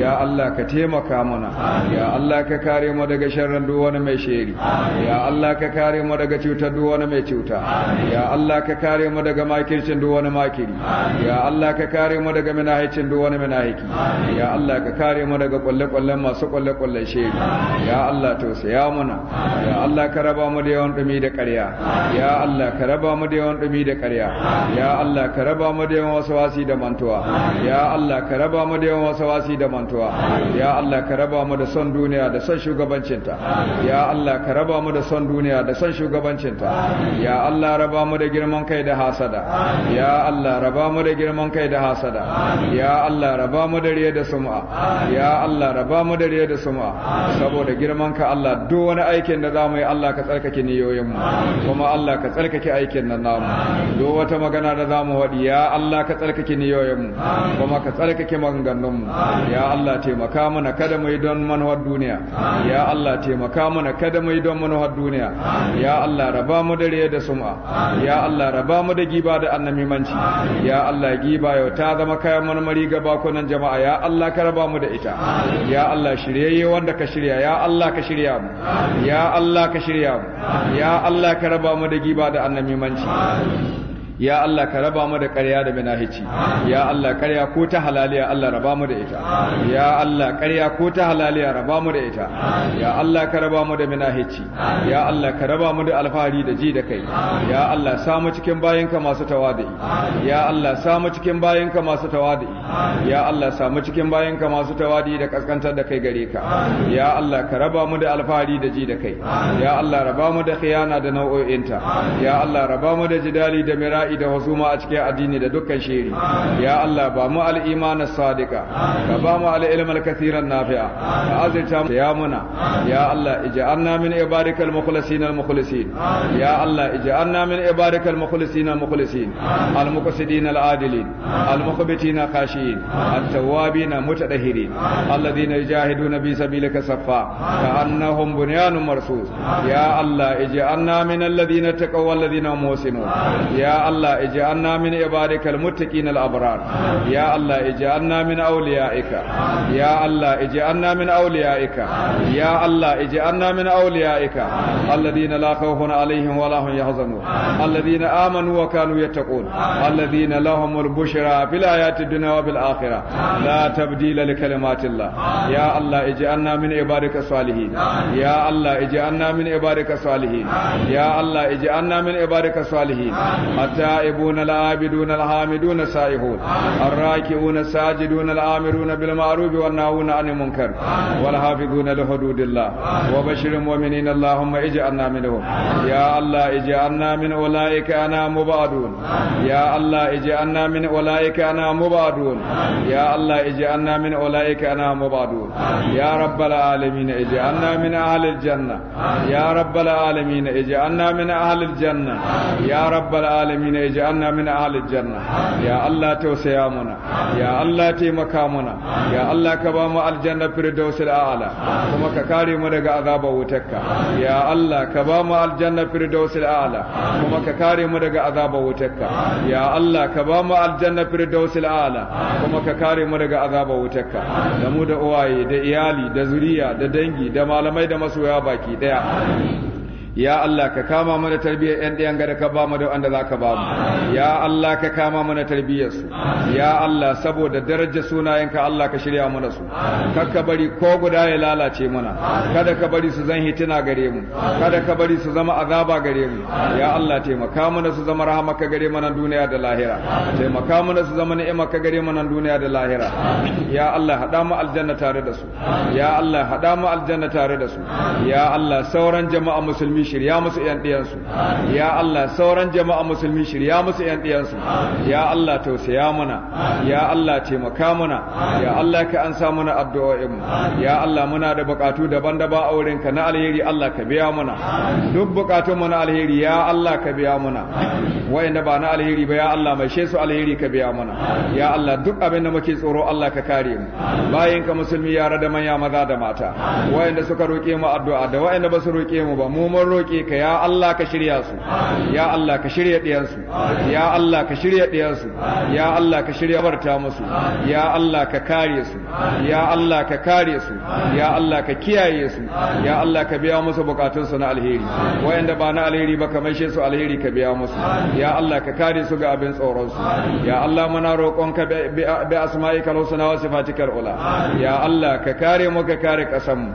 ya Allah ka taimaka mana ya Allah ka kare mu daga sharrin duk wani mai shiri ya Allah ka kare mu daga cutar duk wani mai cuta ya Allah ka kare mu daga makircin duk wani makiri ya Allah ka kare mu daga minahicin duk wani minahiki ya Allah ka kare mu daga kwalle-kwallen masu kwalle-kwallen shege ya Allah ya muna ya Allah ka raba mu da yawan dumi da ƙarya ya Allah ka raba mu da yawan dumi da ƙarya ya Allah ka raba mu da yawan wasawasi da mantuwa ya Allah ka raba mu da yawan wasawasi da mantuwa ya Allah ka raba mu da son duniya da son ta ya Allah ka raba mu da son duniya da son ta ya Allah raba mu da girman kai da hasa hasada ya Allah raba mu da girman kai da hasada ya Allah raba mu da riya da sum'a ya Allah raba mu da riya da sum'a saboda girman ka Allah duk wani aikin da zamu yi Allah ka tsarkake niyoyin mu kuma Allah ka tsarkake aikin nan namu duk wata magana da zamu wadi ya Allah ka tsarkake niyoyin mu kuma ka tsarkake maganganun mu ya Allah taimaka mana kada mu yi don manuwar duniya ya Allah taimaka mana kada mu yi don manuwar duniya ya Allah raba mu da riya da sum'a ya Allah raba mu da da giba da annamimanci ya Allah giba yau ta zama kayan marmari ga bakonan jama'a ya Allah ka raba mu da ita ya Allah shiryayye wanda ka shirya ya Allah ka shirya mu ya Allah ka shirya mu ya Allah ka raba mu da giba da annamimanci ya Allah ka raba mu da ƙarya da binahici ya Allah ƙarya ko ta halaliya Allah raba da ita ya Allah ƙarya ko ta halaliya raba da ita ya Allah ka raba mu da binahici ya Allah ka raba mu da alfahari da ji da kai ya Allah samu cikin bayanka masu tawadi ya Allah samu cikin bayanka masu tawadi ya Allah samu cikin bayanka masu tawadi da kaskantar da kai gare ka ya Allah ka raba mu da alfahari da ji da kai ya Allah da da nau'o'inta ya Allah da jidali da bala'i da ma a cikin addini da dukkan shiri ya Allah ba mu al-imanin sadiqa ka ba mu al-ilmin kathiran nafi'a ka azirta mu ya muna ya Allah ij'alna min ibadikal mukhlisin al-mukhlisin ya Allah ij'alna min ibadikal mukhlisin al-mukhlisin al-muqsidin al-adilin al-mukhbitin khashiyin at-tawwabin mutadahirin alladhina yujahiduna fi sabilika saffa ka'annahum bunyanun marsus ya Allah ij'alna min alladhina taqaw alladhina muhsinun ya Allah Allah ij'alna min ibadikal muttaqin al abrar ya Allah ij'alna min awliyaika ya Allah ij'alna min awliyaika ya Allah ij'alna min awliyaika alladhina la khawfun alaihim wa la hum yahzanun alladhina amanu wa kanu yattaqun alladhina lahumul bushra fil hayatid dunya wa bil akhirah la tabdila li kalimatillah ya Allah ij'alna min ibadika salihin ya Allah ij'alna min ibadika salihin ya Allah التائبون العابدون الحامدون السائحون الراكعون الساجدون الآمرون بالمعروف والناهون عن المنكر والحافظون لحدود الله وبشر المؤمنين اللهم اجعلنا منهم يا الله اجعلنا من أولئك أنا مبعدون يا الله اجعلنا من أولئك أنا مبعدون يا الله اجعلنا من أولئك أنا مبعدون يا رب العالمين اجعلنا من أهل الجنة يا رب العالمين اجعلنا من أهل الجنة يا رب العالمين amin ij'alna min ahli janna ya Allah tausaya muna ya Allah taimaka muna ya Allah ka ba mu aljanna firdausil a'la kuma ka kare mu daga azabar wutarka ya Allah ka ba mu aljanna firdausil a'la kuma ka kare mu daga azabar wutarka ya Allah ka ba mu aljanna firdausil a'la kuma ka kare mu daga azabar wutarka da mu da uwaye da iyali da zuriya da dangi da malamai da masoya baki daya ya Allah ka kama mana tarbiyyar yan ɗayan gada ka ba mu da wanda za ka ba mu ya Allah ka kama mana tarbiyyar su ya Allah saboda daraja sunayenka Allah ka shirya mana su kakka bari ko guda ya lalace mana kada ka bari su zan hitina gare mu kada ka bari su zama azaba gare mu ya Allah taimaka mana su zama rahamaka gare mana duniya da lahira taimaka mana su zama ni'imaka gare mana duniya da lahira ya Allah hada mu aljanna tare da su ya Allah hada mu aljanna tare da su ya Allah sauran jama'a musulmi musulmi shirya musu yan ɗiyansu ya Allah sauran jama'a musulmi shirya musu yan ɗiyansu ya Allah tausaya mana ya Allah taimaka mana ya Allah ka ansa mana addu'o'in mu ya Allah muna da bukatu daban-daban a wurin na alheri Allah ka biya mana duk bukatun mu na alheri ya Allah ka biya mana wayanda ba na alheri ba ya Allah mai su alheri ka biya mana ya Allah duk abin da muke tsoro Allah ka kare mu bayan ka musulmi yara da manya maza da mata wayanda suka roƙe mu addu'a da wayanda ba su roƙe mu ba mu mun roƙe ka ya Allah ka shirya su ya Allah ka shirya ɗiyansu ya Allah ka shirya ɗiyansu ya Allah ka shirya barta musu ya Allah ka kare su ya Allah ka kare su ya Allah ka kiyaye su ya Allah ka biya musu bukatunsu na alheri wayanda ba na alheri ba ka maishe su alheri ka biya musu ya Allah ka kare su ga abin tsoron su ya Allah muna ka bi asma'ika al-husna wa sifatikal ula ya Allah ka kare mu ka kare ƙasar mu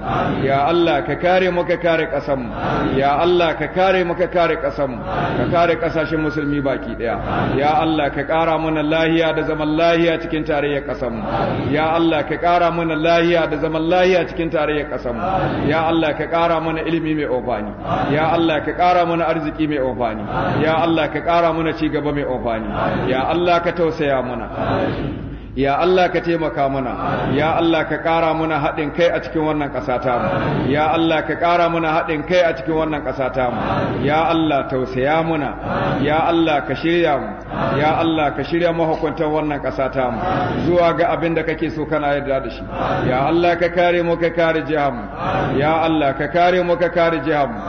ya Allah ka kare mu ka kare ƙasar mu ya ya Allah ka kare maka kare ƙasarmu ka kare ƙasashen musulmi baki ɗaya ya Allah ka ƙara mana lahiya da zaman lahiya cikin tarayyar ƙasarmu ya Allah ka ƙara mana lahiya da zaman lahiya cikin tarayyar ƙasarmu ya Allah ka ƙara mana ilimi mai ofani ya Allah ka ƙara mana arziki mai ofani ya Allah ka ƙara mana ci gaba mai ofani ya Allah ka tausaya mana ya Allah ka taimaka mana ya Allah ka ƙara mana haɗin kai a cikin wannan ƙasa ta mu ya Allah ka ƙara mana haɗin kai a cikin wannan ƙasa ta mu ya Allah tausaya muna ya Allah ka shirya mu ya Allah ka shirya mahukuntan wannan ƙasa ta mu zuwa ga abin da kake so kana yarda da shi ya Allah ka kare mu ka kare jihar mu ya Allah ka kare mu ka kare jihar mu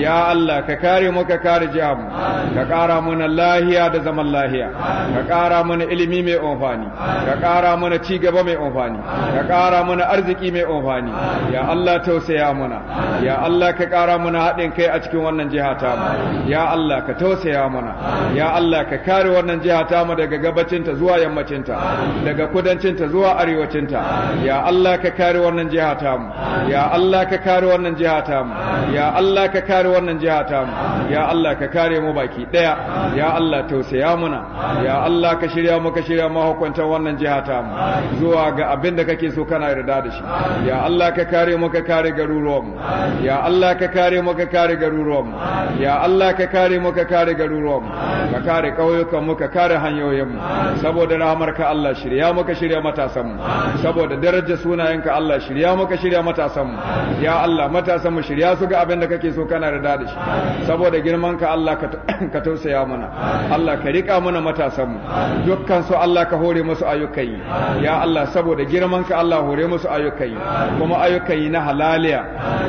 ya Allah ka kare mu ka kare jihar mu ka ƙara mana lahiya da zaman lahiya ka ƙara mana ilimi mai amfani ka ƙara mana ci gaba mai amfani ka ƙara mana arziki mai amfani ya Allah tausaya mana ya Allah ka ƙara mana haɗin kai a cikin wannan jiha ta mu ya Allah ka tausaya mana ya Allah ka kare wannan jiha ta mu daga gabacin ta zuwa yammacin ta daga kudancin ta zuwa arewacin ta ya Allah ka kare wannan jiha ta mu ya Allah ka kare wannan jiha ta mu ya Allah ka kare wannan jiha ta mu ya Allah ka kare mu baki daya ya Allah tausaya mana ya Allah ka shirya mu ka shirya mu hukuntar wannan wannan jiha ta mu zuwa ga abin da kake so kana yarda da shi ya Allah ka kare mu ka kare garuruwan mu ya Allah ka kare mu ka kare garuruwan mu ya Allah ka kare mu ka kare garuruwan mu ka kare kauyukan mu ka kare hanyoyin mu saboda rahmar ka Allah shirya mu ka shirya matasan mu saboda darajar sunayen ka Allah shirya mu ka shirya matasan mu ya Allah matasan mu shirya su ga abin da kake so kana yarda da shi saboda girman ka Allah ka (coughs) tausaya mana Allah ka rika mana matasan mu dukkan su Allah ka hore musu ayyukan. ayyukan yi ya Allah saboda girman ka Allah hore musu ayyukan yi kuma ayyukan yi na halaliya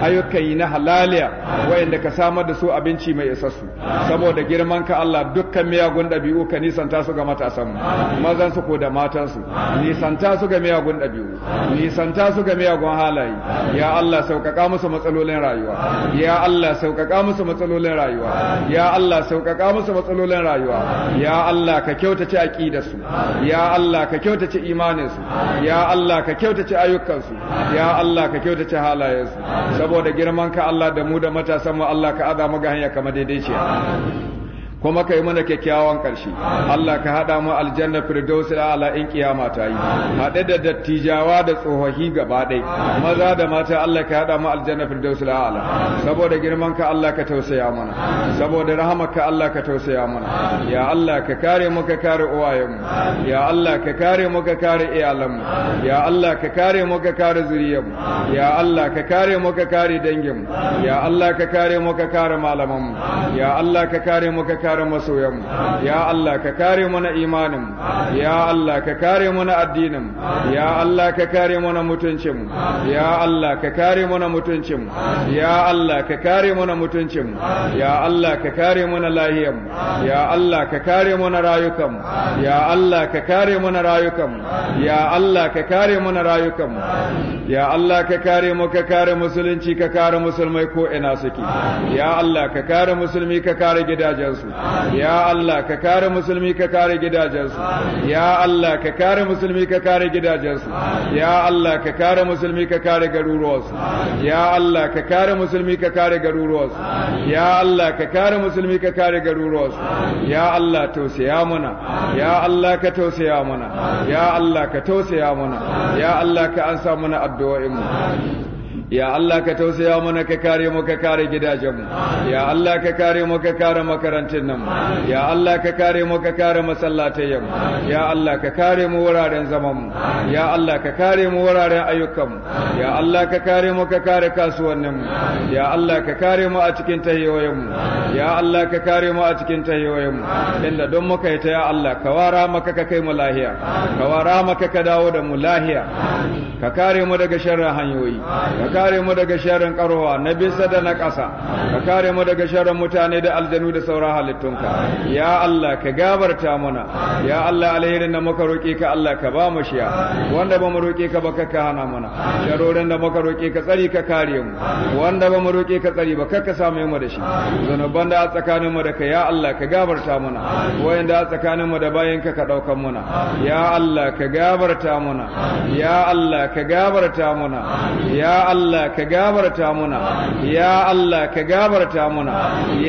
ayyukan yi na halaliya wayanda ka samar da su abinci mai isassu saboda girman ka Allah dukkan miyagun dabi'u ka nisanta su ga matasan mu mazan su ko da matan su nisanta su ga miyagun dabi'u nisanta su ga miyagun halaye ya Allah sauƙaƙa musu matsalolin rayuwa ya Allah sauƙaƙa musu matsalolin rayuwa ya Allah sauƙaƙa musu matsalolin rayuwa ya Allah ka kyautace su. ya Allah ka kyautace imaninsu ya Allah ka kyautace ayyukansu ya Allah ka kyautace halayensu saboda girman ka Allah da mu da matasan mu Allah ka aza mu ga hanya kama daidai ce kuma kai mana kyakkyawan ƙarshe Allah ka haɗa mu aljanna firdausi ala in kiyama ta yi haɗe da dattijawa da tsohahi gaba ɗai maza da mata Allah ka haɗa mu aljanna firdausi ala saboda girman ka Allah ka tausaya mana saboda rahama ka Allah ka tausaya mana ya Allah ka kare mu ka kare uwayen mu ya Allah ka kare mu ka kare iyalan mu ya Allah ka kare mu ka kare zuriyar mu ya Allah ka kare mu ka kare dangin mu ya Allah ka kare mu ka kare malaman mu ya Allah ka kare mu ka kare kare masoyanmu ya Allah ka kare mana imanin! ya Allah ka kare mana addinin! ya Allah ka kare mana mutuncin! ya Allah ka kare mana mutuncin! ya Allah ka kare mana mutuncin! ya Allah ka kare mana lahiyarmu ya Allah ka kare mana rayukan! ya Allah ka kare mana rayukan! ya Allah ka kare mana rayukan! ya Allah ka kare mu ka kare musulunci ka kare musulmai ko ina suke ya Allah ka kare musulmi ka kare gidajensu ya Allah ka kare musulmi ka kare gidajensu ya Allah ka kare musulmi ka kare gidajensu ya Allah ka kare musulmi ka kare garuruwansu ya Allah ka kare musulmi ka kare garuruwansu ya Allah ka kare musulmi ka kare garuruwansu ya Allah tausaya mana ya Allah ka tausaya mana ya Allah ka tausaya mana ya Allah ka ansa mana addu'o'in mu ya Allah ka tausaya mana ka kare mu ka kare gidajenmu ya Allah ka kare mu ka kare makarantun nan ya Allah ka kare mu ka kare masallatayen ya Allah ka kare mu wuraren zamanmu. ya Allah ka kare mu wuraren ayyukanmu. ya Allah ka kare mu ka kare kasuwanninmu. ya Allah ka kare mu a cikin tahiyoyin ya Allah ka kare mu a cikin tahiyoyin inda don muka yi ta ya Allah ka wara maka ka kai mu lahiya ka wara maka ka dawo da mu lahiya ka kare mu daga sharrin hanyoyi ka kare mu daga sharin karowa na bisa da na ƙasa ka kare mu daga sharin mutane da aljanu da sauran halittunka ya Allah ka gabarta mana ya Allah alherin da muka roƙe ka Allah ka ba mu shiya wanda ba mu roƙe ka ba ka hana mana sharorin da muka roƙe ka tsari ka kare mu wanda ba mu roƙe ka tsari ba ka same mu da shi zanuban da a tsakanin mu da ka ya Allah ka gabarta mana wayanda a tsakanin mu da bayan ka ka daukan muna ya Allah ka gabarta mana ya Allah ka gabarta mana ya Allah Allah ka gabarta muna ya Allah ka gabarta muna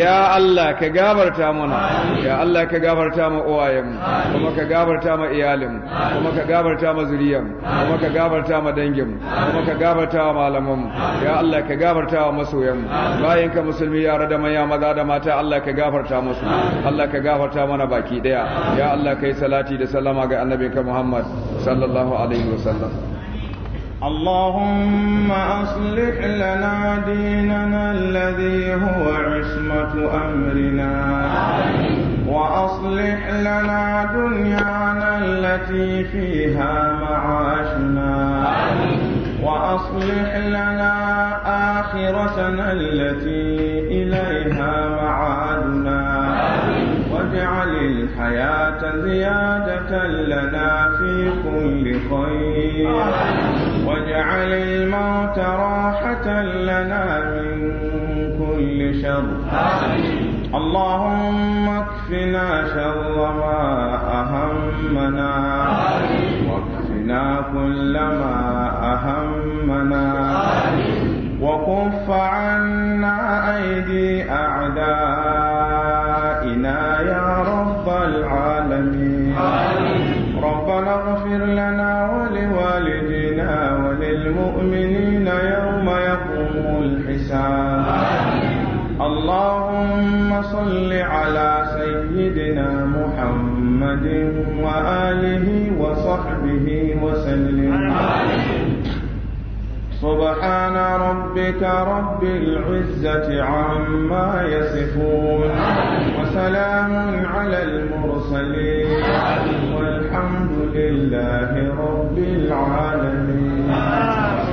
ya Allah ka gabarta muna ya Allah ka gabarta mu uwayenmu kuma ka gabarta mu iyalinmu kuma ka gabarta mu zuriyarmu kuma ka gabarta mu danginmu kuma ka gabarta mu malamanmu ya Allah ka gabarta mu masoyanmu bayan ka musulmi yara da maya maza da mata Allah ka gabarta musu Allah ka gafarta mana baki daya ya Allah kai salati da salama ga annabinka Muhammad sallallahu alaihi wasallam اللهم أصلح لنا ديننا الذي هو عصمة أمرنا وأصلح لنا دنيانا التي فيها معاشنا وأصلح لنا آخرتنا التي إليها معادنا واجعل الحياة زيادة لنا في كل خير واجعل الموت راحة لنا من كل شر آمين اللهم اكفنا شر ما أهمنا آمين واكفنا كل ما أهمنا آمين وكف عنا أيدي أعدائنا يا رب العالمين آمين ربنا اغفر لنا اللهم صل على سيدنا محمد وآله وصحبه وسلم سبحان ربك رب العزة عما يصفون وسلام على المرسلين والحمد لله رب العالمين